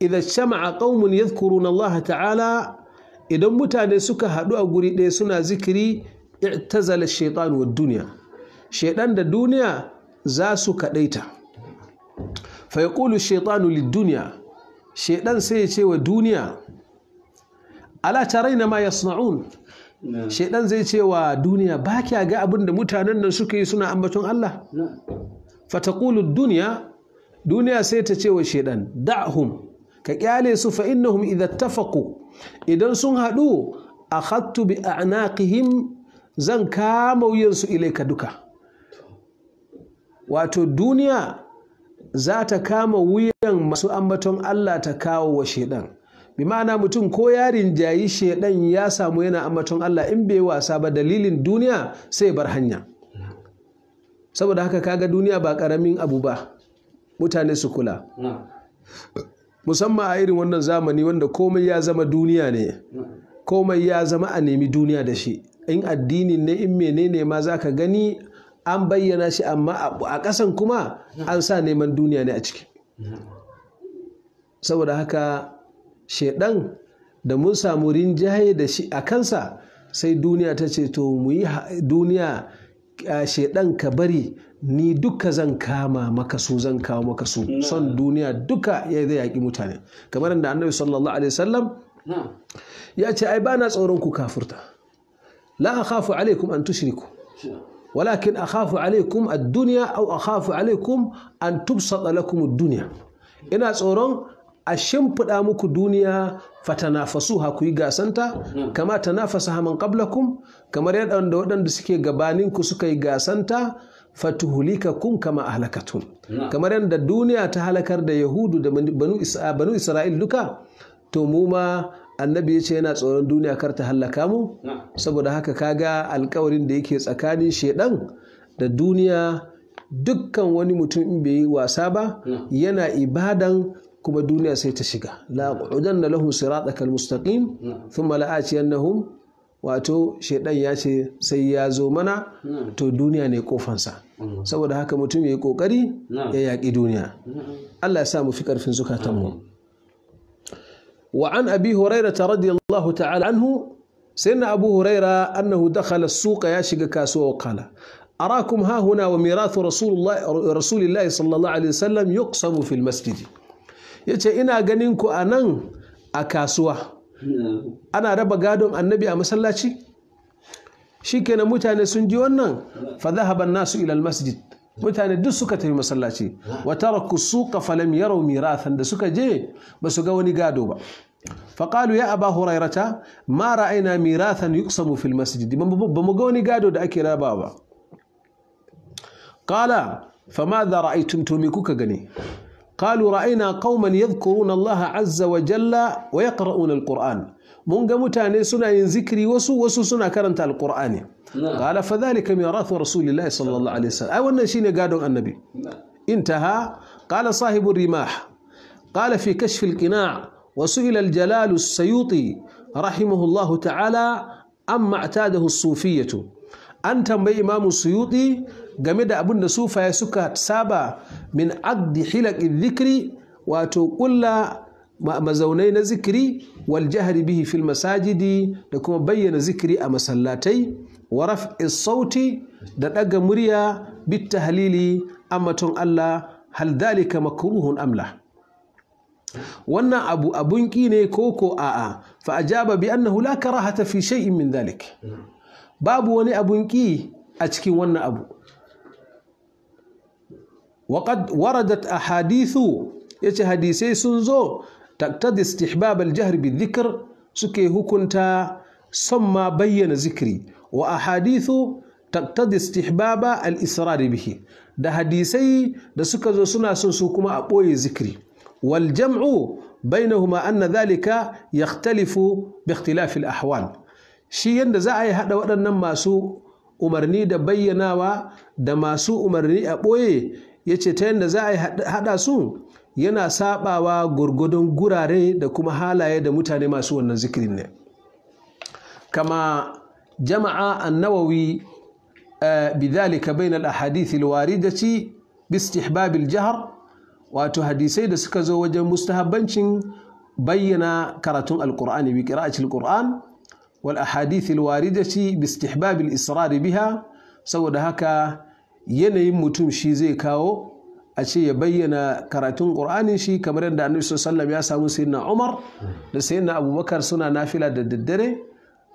idan shama'a qaumun na Allah ta'ala idan mutane suka haɗu a guri ɗaya suna zikiri zala shaitan wa duniya shaitan da duniya za su kaɗaita fa shaiɗan shaitanu duniya shaitan sai ya ce wa duniya ala taraina ma suna'un shaitan zai ce wa duniya ba kya ga abin da mutanen nan suka yi suna ambaton Allah fata duniya duniya sai ta ce wa shaitan da'hum ka kyale su fa innahum idza tafaqu idan sun hadu akhadtu bi a'naqihim zan kama wuyansu ilaika duka wato duniya za ta kama wuyan masu ambaton Allah ta kawo wa shedan bi ma'ana mutum ko yarin jayi shedan ya samu yana ambaton Allah in bai wasa ba dalilin duniya sai bar hanya saboda haka kaga duniya ba karamin abu ba mutane su kula musamman a irin wannan zamani wanda komai ya zama duniya ne komai ya zama a nemi duniya da shi in addini ne in menene ma za ka gani an bayyana shi amma a ƙasan kuma an sa neman duniya ne a ciki saboda haka shaidan da mun samu rinjaye da shi a kansa sai duniya ta ce to mu yi duniya shaidan ka bari ni duka zan kama maka su zan kawo maka su son duniya duka ya zai yaƙi mutane kamar da annabi sallallahu alaihi wasallam ya ce ai bana tsoron ku kafurta la akhafu alaikum an tushriku walakin akhafu alaikum ad-dunya aw akhafu alaikum an tubsata lakum ad-dunya ina tsoron a shimfiɗa muku duniya fatanafasu ha ku yi gasanta kama tanafasa haman qablakum kamar yadda waɗanda suke ku suka yi gasanta kun kama ahlakatun kamar yadda duniya ta halakar da yahudu da ah, banu isra'il duka to mu ma annabi ya ce yana tsoron duniya kar ta hallaka mu saboda haka kaga alkawarin da yake tsakanin shedan da duniya dukkan wani mutum in bai yi wasa ba yana ibadan kuma duniya sai ta shiga la qudanna lahum siratal mustaqim thumma la'atiyannahum wato shaidan ya ce sai ya zo mana to duniya ne kofansa mm-hmm. saboda haka mutum ya yi kokari ya yaƙi duniya mm-hmm. Allah ya sa mu fi ƙarfin zukatanmu wa an abi huraira ta radiyallahu ta'ala anhu sai na abu huraira annahu dakhala suƙa ya shiga kasuwa kala arakum ha huna wa mirathu rasulillahi sallallahu alaihi wasallam yuqsamu fil masjidi yace ina ganin ku anan a kasuwa ana raba gadon annabi a masallaci Shi kenan mutane sun ji wannan fa za nasu ilal masjid mutane duk suka tafi masallaci raku su ka falam yaro mirathan da suka je ba su ga wani gado ba Faƙalu Mara aina kusa mufil masjid. ba mu wani wani gado da ake raba ba ƙala fa ma za ra'aitun tomi kuka gani? قالوا رأينا قوما يذكرون الله عز وجل ويقرؤون القرآن من متاني سنة ذكري وسو وسو سنة كرنت القرآن نعم. قال فذلك ميراث رسول الله صلى الله عليه وسلم أولا شيني قادوا النبي نعم. انتهى قال صاحب الرماح قال في كشف القناع وسئل الجلال السيوطي رحمه الله تعالى أما اعتاده الصوفية an tambayi imamu suyuti game da abin da sufaya suka saba min aqdi hilaqi zikiri wato kulla mazaunai na zikiri wal bihi fil masajidi da kuma bayyana zikiri a masallatai wa raf'i sauti da daga murya bit tahlili amatun Allah hal dalika makruhun amla wannan abu abun ki ne koko a'a fa ajaba bi annahu la karahata fi shay'in min dhalik babu wani abun ƙi a cikin wannan abu waƙad waradat a hadithu hadisai sun zo taktadi istihbabal jihar bi zikir suke hukunta son ma bayyana zikiri wa a hadithu taktadi istihbaba al’isra da bihi da hadisai da suka zo suna son su kuma a ɓoye zikiri wal jam'u bainahuma anna zalika yaxtalifu bi ikhtilafil ahwal shi yadda za a yi haɗa waɗannan masu umarni da bayyanawa da masu umarni a ɓoye ya ce ta yadda za a yi haɗa su yana saɓawa gurgudun gurare da kuma halaye da mutane masu wannan zikirin ne kama jama'a annawawi eh, bidhalika bainal ahadithil waridati bi istihbab jihar, wato hadisai da suka zo wajen mustahabbancin bayyana karatun alqur'ani bi qira'ati alqur'an wal ahadith waridati bi istihbab al-israr biha saboda haka yanayin mutum shi zai kawo a ce ya bayyana karatun ƙur'anin shi kamar yadda annabi sallallahu ya samu sayyidina Umar da sayyidina Abubakar suna nafila da daddare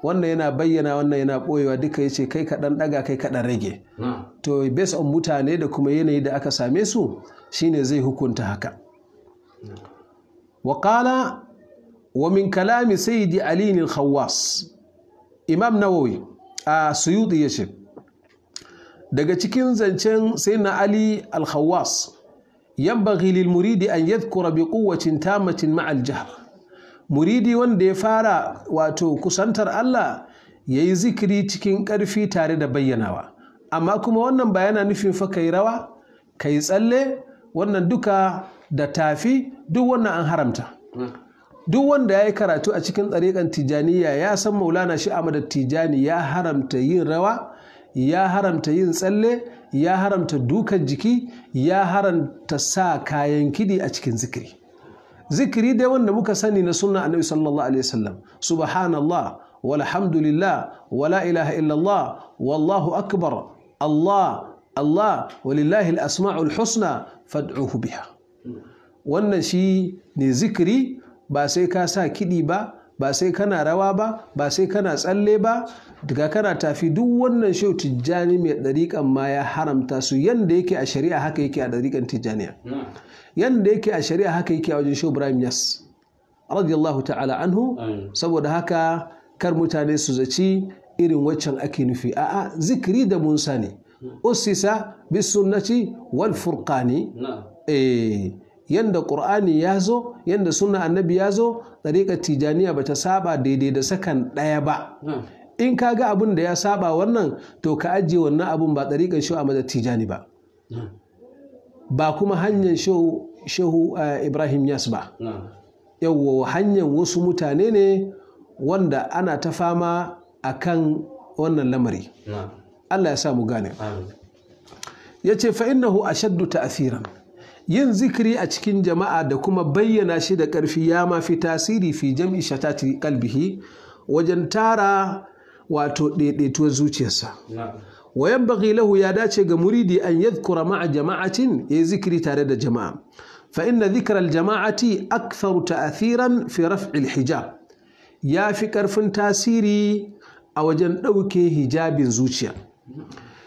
wannan yana bayyana wannan yana boyewa duka yace kai ka dan daga kai ka dan rage to based on mutane da kuma yanayin da aka same su shine zai hukunta haka wa qala wa min kalami sayyidi ali al-khawwas imam nawawi a suyudu ya ce daga cikin zancen sai na ali alhawas yan bagilil muridi an yadhkura bi ta tamacin ma'al jihar muridi wanda ya fara wato kusantar Allah ya yi zikiri cikin ƙarfi tare da bayyanawa amma kuma wannan ba yana nufin fa kai rawa kai tsalle wannan duka da tafi duk wannan an haramta hmm. duk wanda ya yi karatu a cikin tsariƙan tijaniya ya san maulana shi amada tijani ya haramta yin rawa ya haramta yin tsalle ya haramta dukan jiki ya haramta sa kayan kidi a cikin zikiri zikiri dai wanda muka sani na sunna annabi sallallahu alaihi wasallam subhanallah walhamdulillah wala ilaha illallah wallahu akbar allah Allah walillahi asma'ul husna fad'uhu biha wannan shi ne zikiri ba sai ka sa kiɗi ba ba sai kana rawa ba ba sai kana tsalle ba daga kana tafi duk wannan shau tijjani mai ɗariƙan ma ya haramta su yanda yake a shari'a haka yake a ɗariƙan tijjaniya yanda yake a shari'a haka yake a wajen shau ibrahim yas radiyallahu ta'ala anhu saboda haka kar mutane su zaci irin waccan ake nufi a'a zikiri da munsa ne usisa bis wal furqani eh yanda ƙur'ani ya zo yanda suna annabi ya zo ɗariƙar tijaniya ba ta saba daidai da sakan ɗaya ba hmm. in ka ga abin da ya saba wannan to ka ajiye wannan abin ba ɗariƙar shi a tijani ba hmm. ba kuma hanyar shehu eh, ibrahim yas ba hmm. yawo hanyar wasu mutane ne wanda ana ta fama a kan wannan lamari allah ya sa mu gane ya ce a ashaddu ta'athiran yin zikiri a cikin jama'a da kuma bayyana shi da ƙarfi ya ma fi tasiri fi jam'i shatati kalbihi wajen tara wato ɗaiɗaituwar zuciyarsa wayan yanbaghi lahu ya dace ga muridi an yadhkura ma'a jama'atin ya zikiri tare da jama'a fa inna dhikra jamaati aktharu ta'thiran fi raf'il hijab ya fi ƙarfin tasiri a wajen ɗauke hijabin zuciya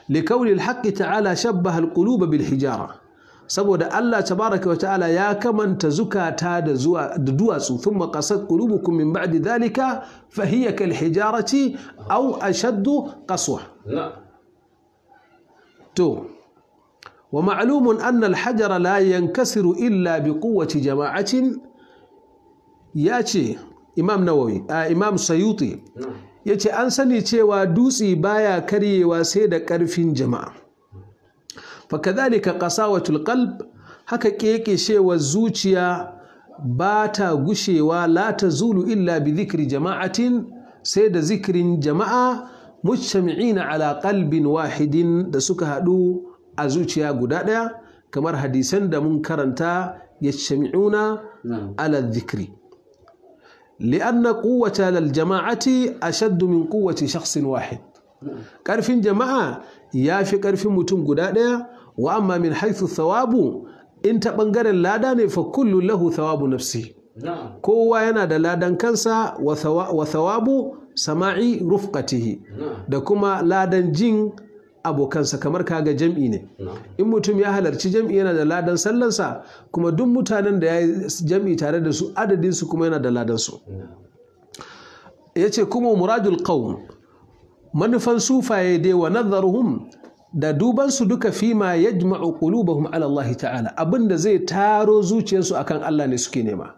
لكون ta'ala تعالى شبه bil hijara saboda Allah tabaraka wa ta'ala ya kamanta zukata da zuwa da duwatsu tun qasat qulubukum min ba'di dhalika fa hiya kal hijarati aw ashaddu qaswa to wa ma'lumun anna al hajara la yankasiru illa bi quwwati jama'atin yace imam nawawi imam sayuti yace an sani cewa dutsi baya karyewa sai da karfin jama'a fakadhalika qasawatul qalb haka shewa zuciya ba ta gushewa la ta zulu illa bi zikri jama'atin sai da zikirin jama'a mujtami'ina ala qalbin wahidin da suka haɗu a zuciya guda ɗaya kamar hadisan da mun karanta yajtami'una ala dhikri li'anna quwwata lal jama'ati ashaddu min quwwati shakhsin wahid ƙarfin jama'a ya fi ƙarfin mutum guda ɗaya wa amma min haifu sawabu in ta ɓangaren lada ne fa kullu lahu sawabu nafsi kowa yana da ladan kansa wa sawabu sama'i rufqatihi da kuma ladan jin abokansa kamar kaga jam'i ne in mutum ya halarci jam'i yana da ladan sallansa kuma duk mutanen da ya yi jam'i tare da su adadinsu kuma yana da ladansu ya ce kuma muradul qawm manufan sufaye dai wa nazaruhum da dubansu duka fima yajma'u qulubahum ala Allah ta'ala abinda zai taro zuciyarsu akan Allah ne suke nema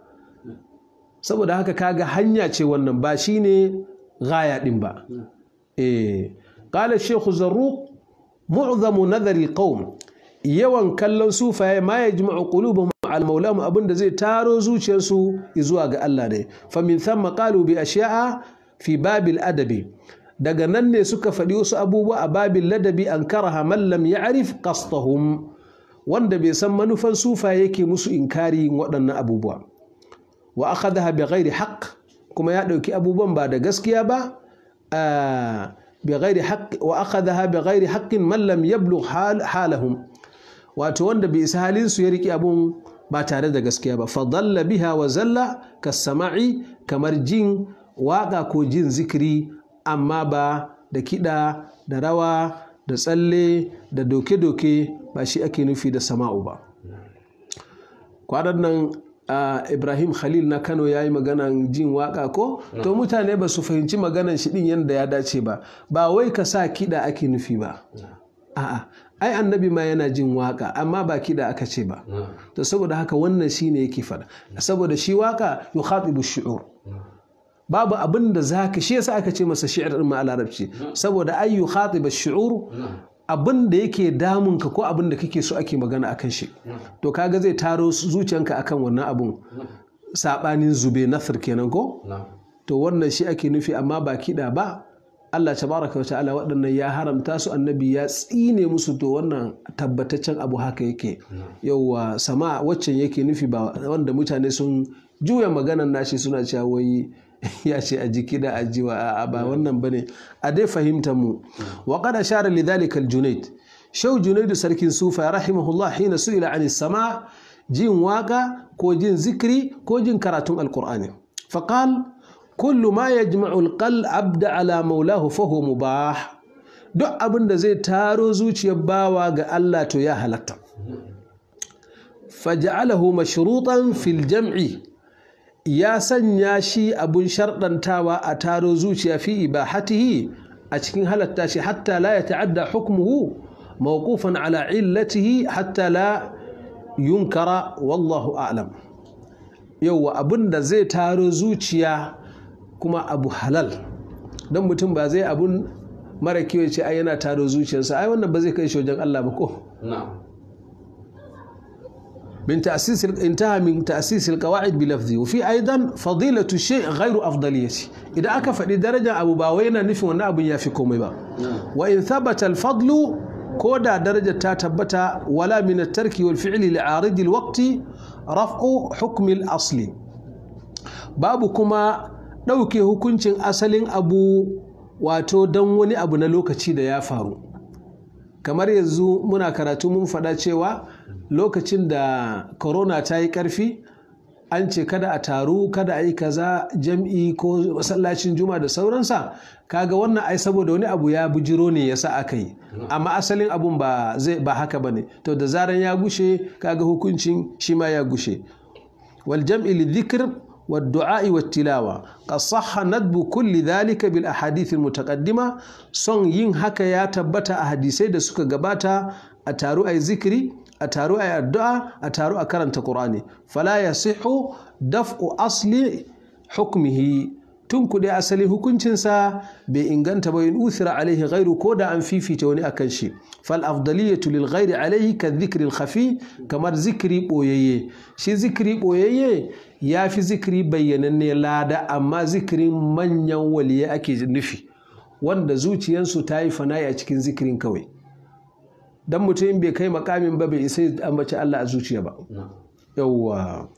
saboda haka kaga hanya ce wannan ba shine gaya din ba eh qala shaykh zarruq mu'zamu nazari alqawm yawan kallon sufaye ma yajma'u qulubahum al maulahum abinda zai taro zuciyarsu zuwa ga Allah ne fa min thamma qalu bi ashiya fi babil adabi daga nan ne suka faɗi wasu abubuwa a babin ladabi an karaha mallam lam ya'rif qasdahum wanda bai san manufan sufa yake musu inkari waɗannan abubuwa wa akhadha bi ghairi haƙ. kuma ya ɗauki abubuwan ba da gaskiya ba bi ghairi haqq bi ghairi haqqin man lam yablugh halahum wato wanda bai isa halin su ya riki abun ba tare da gaskiya ba fa biha wa zalla kasama'i kamar jin waƙa ko jin zikiri amma ba da kiɗa da rawa da tsalle da doke-doke ba shi ake nufi da sama'u ba kwanan nan ibrahim khalil na kano ya yi maganan jin waka ko to mutane ba su fahimci maganan shi din yadda ya dace ba ba wai ka sa kiɗa ake nufi ba a'a ai annabi ma yana jin waka amma ba kiɗa aka ce ba to saboda haka wannan shi ne yake faɗa saboda shi waka yukhatibu shu'ur babu abin da za ka shi yasa aka ce masa shi'ar ɗin ma a larabci saboda ayyu ba shi'ur abin da yake damunka ko abin da kake so ake magana akan shi to kaga zai taro zuciyanka akan wannan abun sabanin zube nasir kenan ko to wannan shi ake nufi amma ba kiɗa ba Allah tabaraka wa ta'ala waɗannan ya haramta su annabi ya tsine musu to wannan tabbataccen abu haka yake yauwa sama waccan yake nufi ba wanda mutane sun juya maganan nashi suna cewa wai ya ce a jiki da ajiwa a ba wannan bane a dai fahimta mu wa qad ashara li dhalika al-junayd shaw junayd sarkin sufa rahimahullah hina su'ila an sama jin waka ko jin zikri ko jin karatun alqur'ani faqal kullu ma yajma'u al abda ala maulahu fa huwa mubah duk abin da zai taro zuciyar bawa ga Allah to ya halatta faj'alahu mashrutan fil jam'i ya sanya shi abun sharɗantawa a taro zuciya fi ibahatihi a cikin halatta shi hatta la ya ta'adda hukmuhu mawqufan ala illatihi hatta la yunkara wallahu a'lam yauwa abun da zai taro zuciya kuma abu halal don mutum ba zai abun mara kiwo ce ai yana taro zuciyarsa ai wannan ba zai kai shi wajen Allah ba ko من تأسيس انتهى من تأسيس القواعد بلفظه وفي أيضا فضيلة الشيء غير أفضليته إذا أكف لدرجة أبو باوينا نفي وأن أبو يافيكم إبا وإن ثبت الفضل كودا درجة تاتبتا ولا من الترك والفعل لعارض الوقت رفع حكم الأصل بابكما ɗauke hukuncin asalin abu wato don wani abu na lokaci da ya faru kamar yanzu muna karatu mun faɗa cewa lokacin da corona ta yi ƙarfi an ce kada a taru kada a yi kaza jam'i ko masallacin juma da sauransa kaga wannan ai saboda wani abu ya bujiro ne sa aka yi amma asalin abun ba zai ba haka bane to da zaran ya gushe kaga hukuncin shi ma ya gushe wal jam'i tilawa qad sahha nadbu kulli dhalika bil ahadith al mutaqaddima son yin haka ya tabbata a hadisai da suka gabata a taru ai zikiri a taru a yi addu'a a taru a karanta ƙur'ani fala ya sihu daf'u asli hukmihi tun kuɗe asali hukuncinsa bai inganta ba in uthira alaihi ghairu ko da an fifita wani akan shi fal afdaliyatu lil ghairi alaihi ka zikri khafi kamar zikri boyayye shi zikri boyayye ya fi zikri bayyananne lada amma zikirin manyan waliya ake nufi wanda zuciyarsu ta yi a cikin zikirin kawai dan mutum bai kai makamin ba bai isa bace Allah a zuciya ba yawwa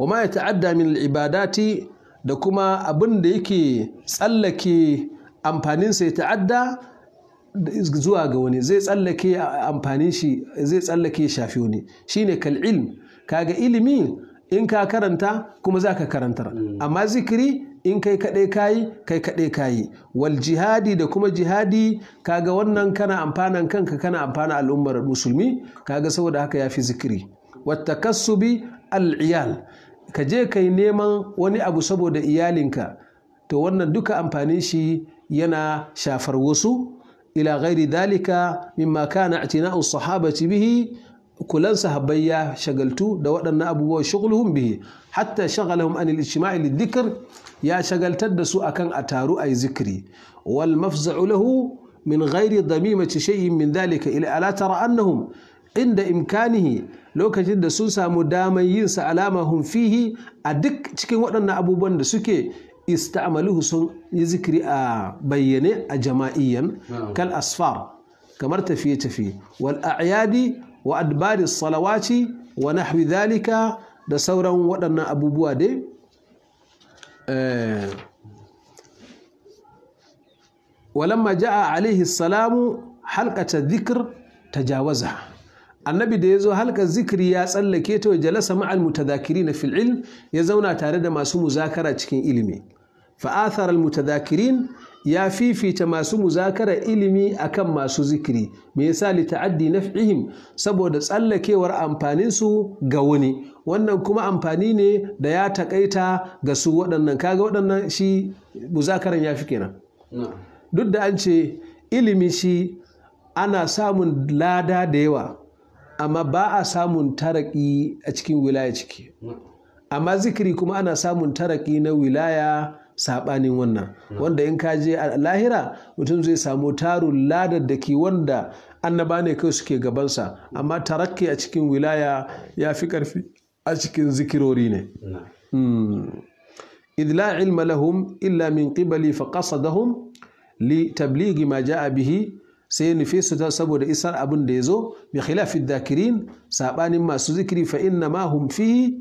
wa ma ta'adda min ibadati da kuma abin da yake tsallake amfanin sai ta'adda zuwa ga wani zai tsallake amfanin shi zai tsallake shafi wani shine kal ilm kaga ilimi in ka karanta kuma za ka karantar mm. amma zikiri in kai kaɗai kayi kai kaɗai kayi wal jihadi da kuma jihadi kaga wannan kana amfanan kanka kana amfana al'ummar musulmi kaga saboda haka ya fi zikiri wattakassubi al'iyal ka je kai neman wani abu saboda iyalinka to wannan duka amfanin shi yana shafar wasu ila ghairi dalika mimma kana i'tina'u sahabati bihi kulan sahabbai ya shagaltu da waɗannan abubuwan shugulhum bihi hatta shagalahum an al-ijtima'i lidhikr ya shagaltar da su akan a taru ayi zikri wal mafza'u lahu min ghairi damimati shay'in min dhalika ila ala tara annahum inda imkanihi lokacin da sun samu daman yin sa alama hum fihi a duk cikin waɗannan abubuwan da suke ista'maluhu sun yi zikiri a bayyane a jama'iyyan kal asfar kamar tafiye-tafiye wal a'yadi wa adbari salawaci wa nahwi dhalika da sauran waɗannan abubuwa dai eh, walamma ja'a alaihi salamu halqata ta tajawaza annabi da yazo halkar zikiri ya tsallake ta jalasa ma'al mutadhakirin fil ilm ya zauna tare da masu muzakara cikin ilimi fa athara al mutadhakirin ya fifita masu muzakara ilimi akan masu zikiri me yasa li ta'addi naf'ihim saboda tsallakewar amfanin su ga wani wannan kuma amfani ne da ya takaita ga su waɗannan kaga waɗannan shi muzakaran ya fi kenan duk da an ce ilimi shi ana samun lada da yawa amma ba a samun taraki a cikin wilaya ciki amma zikiri kuma ana samun taraki na wilaya sabanin wannan wanda in ka je lahira mutum zai samu tarun ladar da ke wanda annaba ne kai suke gabansa amma tarakki a cikin wilaya ya fi karfi a cikin zikirori ne hmm. idla ilma lahum illa min qibali fa qasadahum li tabligi ma jaa bihi sai nufi ta saboda isar abin da ya zo bi khilafi dhakirin sabanin masu zikiri fa inna ma hum fi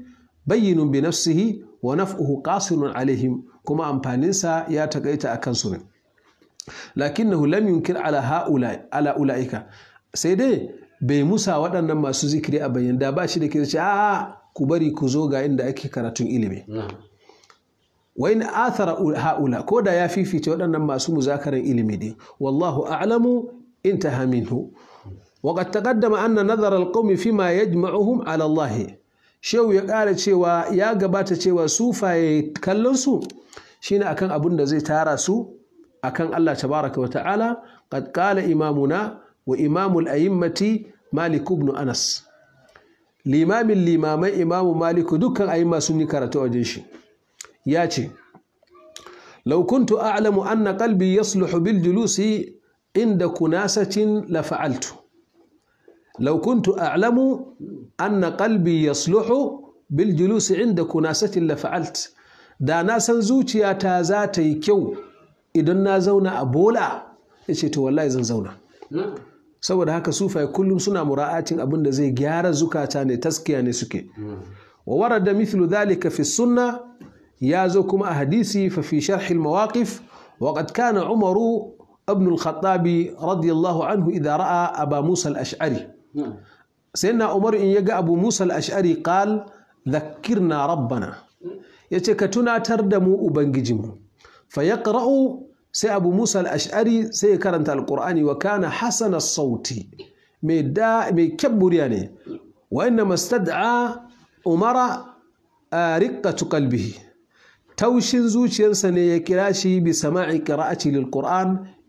bayyinun bi nafsihi wa naf'uhu qasirun alaihim kuma amfaninsa ya takaita akan su ne lakinnahu lam yunkir ala haula ala ulaika sai dai bai musa waɗannan masu zikiri a bayyana da ba shi da kirci a ku bari ku zo ga inda ake karatun ilimi wa in athara haula ko da ya fifice waɗannan masu muzakaran ilimi din wallahu a'lamu intaha minhu وقد تقدم أن نظر القوم فيما يجمعهم على الله shehu ya ƙara cewa ya gabata cewa sufaye kallonsu shine akan abin da zai tara su akan Allah tabaraka wa ta'ala qad imamuna wa imamul a'immati malik ibn anas limamin limamai imamu maliku dukkan a'imma sun yi karatu wajen shi ya ce lau kuntu a'lamu anna ya yasluhu bil julusi inda kunasatin la لو كنت أعلم أن قلبي يصلح بالجلوس عند كناسة لفعلت da na san zuciyata za ta yi kyau idan na zauna a bola ya ce to wallahi zan zauna saboda haka sufaye kullum suna mura'atin abin da zai gyara zukata ne taskiya ne suke wa warada mithlu dhalika fi sunna ya zo kuma a hadisi fa fi sharh al umaru ibn radiyallahu anhu idha ra'a aba ash'ari sai na umar in ya ga abu musa al-ash'ari qal dhakkirna rabbana yace ka tunatar da mu ubangijinmu fa yaqra'u sai abu musa ashari sai ya karanta alƙur'ani wa kana hasana sauti mai da ne wa inna mastad'a umara riqqatu tukalbihi taushin zuciyarsa ne ya kira shi bi sama'i qira'ati lil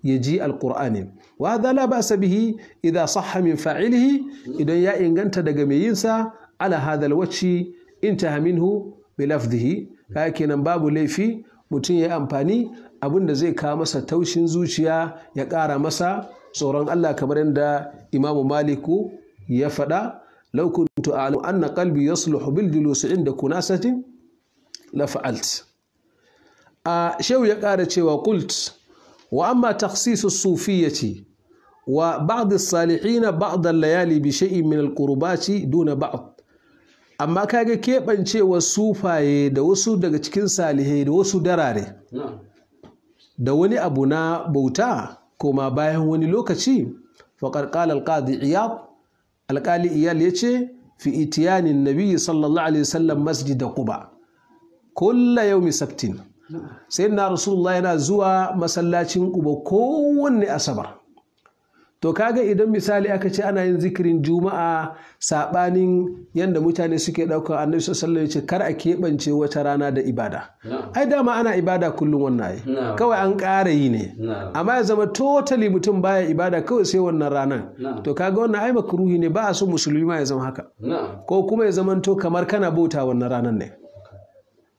ya ji alƙur'ani. wa hadha la ba'sa bihi idza sahha min fa'ilihi idan ya inganta daga mai yin sa ala hadha alwachi intaha minhu bi lafdhihi kai kenan babu laifi mutum ya yi amfani abin da zai kawo masa taushin zuciya ya ƙara masa tsoron Allah kamar yadda Imamu malik ya faɗa law kuntu a'lamu anna qalbi yasluhu bil julusi inda kunasatin la fa'alt a shehu ya ƙara cewa kult wa amma takhsisus sufiyyati wa ba'd as-salihina ba'd layali bi shay'in min al-qurbati duna ka ga kaga keɓancewar sufaye da wasu daga cikin salihai da wasu darare da wani abu na bauta koma bayan wani lokaci faƙar ƙala alƙadi iyab alƙali iyal ya ce fi itiyanin nabiyyi sallallahu alaihi wasallam masjid da kuba kulla yau sabtin sai na rasulullah yana zuwa masallacin ƙuba kowanne asabar to kaga idan misali aka ce ana yin zikirin juma'a saɓanin yadda mutane suke ɗauka annabi sallar ya ce kar a keɓance wata rana da ibada ai dama ana ibada kullum wannan ai kawai an ƙara yi ne amma ya zama totally mutum baya ibada kawai sai wannan ranar to kaga wannan ai makruhi ne ba a so musulmi ma ya zama haka ko kuma ya zamanto kamar kana bauta wannan ranar ne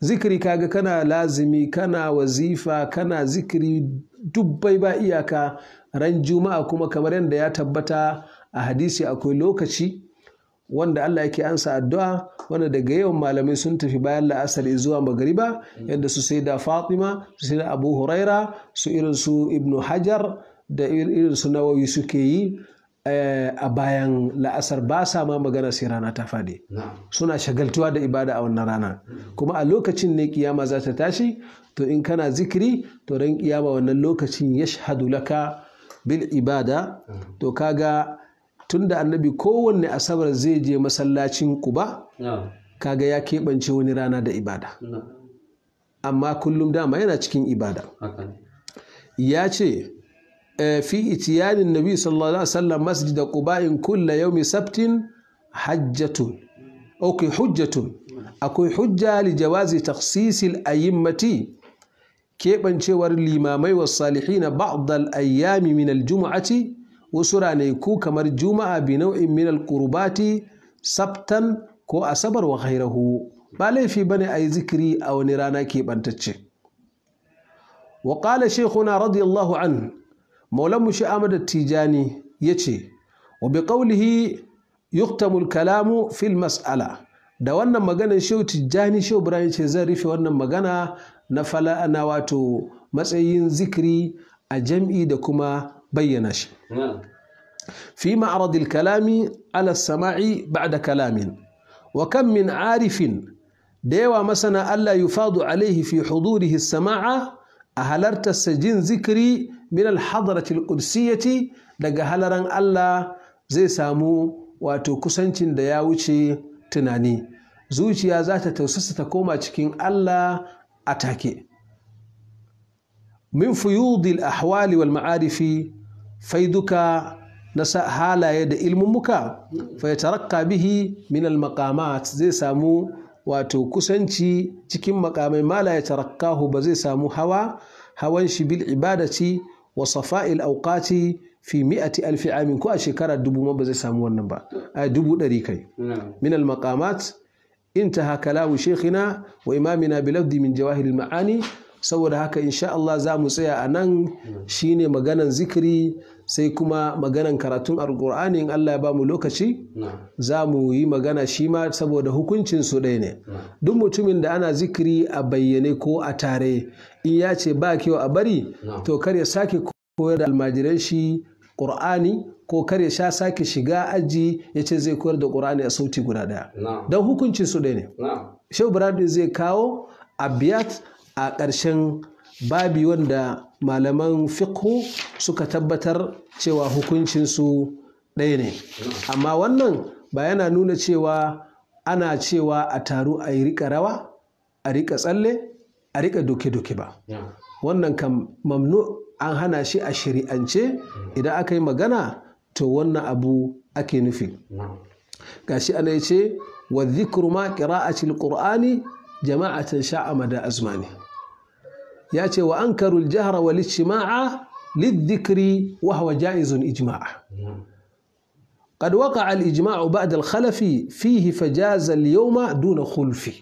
zikiri kaga kana lazimi kana wazifa kana zikiri dubbai ba iyaka ran juma'a kuma kamar yadda ya tabbata a hadisi akwai lokaci wanda Allah yake ansa addu'a wanda daga yawan malamai sun tafi bayan la'asar zuwa magariba yadda su sai da Fatima su sai da Abu Huraira su irin su Ibn Hajar da irin su Nawawi suke yi eh, a bayan la'asar ba sa ma magana sai rana ta fade suna shagaltuwa da ibada a wannan rana kuma a lokacin ne kiyama za ta tashi to in kana zikiri to ran kiyama wannan lokacin ya shahadu laka bil ibada to kaga tunda annabi kowanne asabar zai je masallacin kuba kaga ya keɓance wani rana da ibada amma kullum dama yana cikin ibada ya ce eh, fi itiyanin nabi sallallahu alaihi wasallam masjida in kulla yawmi sabtin hajjatun okay hujjatun akwai hujja li jawazi taksisil ayimmati keɓancewar limamai wa salihina ba'dal ayyami min aljum'ati wasu ko kamar juma'a bi nau'in minal alqurbati sabtan ko asabar wa hairahu ba laifi bane yi zikiri a wani rana keɓantacce wa ƙala shaykhuna radiyallahu an maulan mu shi Tijani yace wa bi ƙaulihi yuktamul kalamu fil mas'ala da wannan maganar shehu Tijjani shehu Ibrahim ce zan rufe wannan magana na fala'ana wato matsayin zikri a jam'i da kuma bayyana shi fi ma'aradil kalami ala sama'i ba'da kalamin wa kam min arifin da yawa masana Allah yufadu alaihi fi hudurihi sama'a a halartarsa jin zikiri min alhadaratil qudsiyati daga halaran Allah zai samu wato kusancin da ya wuce tunani zuciya za ta tausasa ta koma cikin Allah a take min fuyudil ahwali wal ma'arifi faiduka na halaye da ilmummuka fayatarakka bihi min al maqamat zai samu wato kusanci cikin makamai mala ya ba zai samu hawa hawan shi bil ibadati wa safa'il auqati fi mi'ati alfi amin ko a shekara dubu ma ba zai samu wannan ba a dubu ɗari kai min al maqamat intaha kalamu shekina wa imamina bilafdi min jawahiril ma'ani saboda haka insha Allah za mu tsaya a nan shine maganan zikiri sai kuma maganan karatun alkur'ani in Allah ya ba mu lokaci za mu yi magana shi ma saboda hukuncin su ɗaya ne duk mutumin da ana zikiri a bayyane ko a tare in ya ce ba kyau a bari to kar ya sake koyar da almajiran shi ƙur'ani ko kar ya sha sake shiga aji ya ce zai koyar da ƙur'ani a sauti guda ɗaya don hukuncin su ɗaya ne shehu buhari zai kawo abiyat a ƙarshen babi wanda malaman fiqhu suka tabbatar cewa hukuncin su ɗaya ne amma wannan ba yana nuna cewa ana cewa a taru a yi rika rawa a rika tsalle a rika doke-doke ba wannan kam mamnu an hana shi a shari'ance mm. idan aka yi magana to wannan abu ake nufi gashi ana yace wa dhikru ma qira'atil jama'a jama'atan sha'a da azmani ya ce wa ankarul jahra wal ijtima'a للذكر وهو جائز إجماعا قد وقع الإجماع بعد الخلف فيه فجاز اليوم دون خلف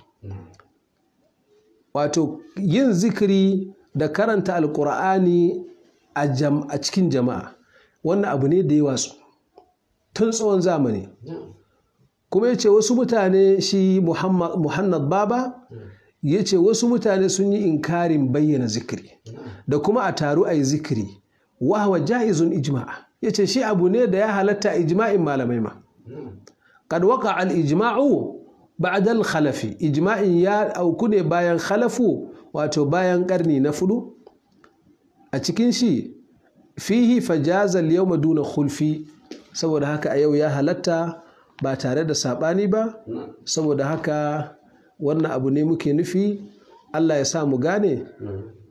wato yin zikiri da karanta alkur'ani a cikin jama'a wannan abu ne da ya watsu tun tsawon zamani kuma ya ce wasu mutane shi muhammad baba ya ce wasu mutane sun yi inkarin bayyana zikiri da kuma a taru a yi zikiri wahwa ja'izun ijma'a ya ce shi abu ne da ya halatta ijma'in malamai ma kad waka al ijma'u ba'adal khalafi ijma'in ya auku ne bayan khalafu wato bayan karni na fudu a cikin shi fihi fajazal yau maduna khulfi saboda haka a yau ya halatta ba tare da saɓani ba saboda haka wannan abu ne muke nufi allah ya sa mu gane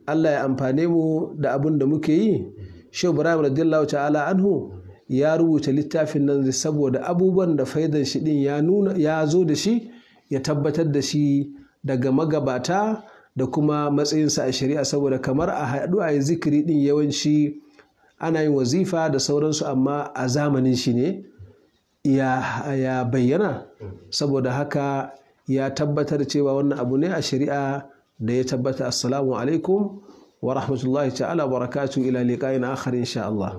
allah ya amfane mu da abun da muke yi shi ibrahim radiyallahu ta'ala anhu ya rubuta littafin nan saboda abubuwan da faidan shi din ya nuna ya zo da shi ya tabbatar da shi daga magabata da kuma matsayinsa a shari'a saboda kamar a haɗu a yi zikiri din yawanci ana yin wazifa da sauransu amma a zamanin shi ne ya bayyana saboda haka ya tabbatar cewa wannan abu ne a shari'a da ya tabbata assalamu alaikum wa rahmatullahi ta'ala barakatu ila liqa'in akhar insha Allah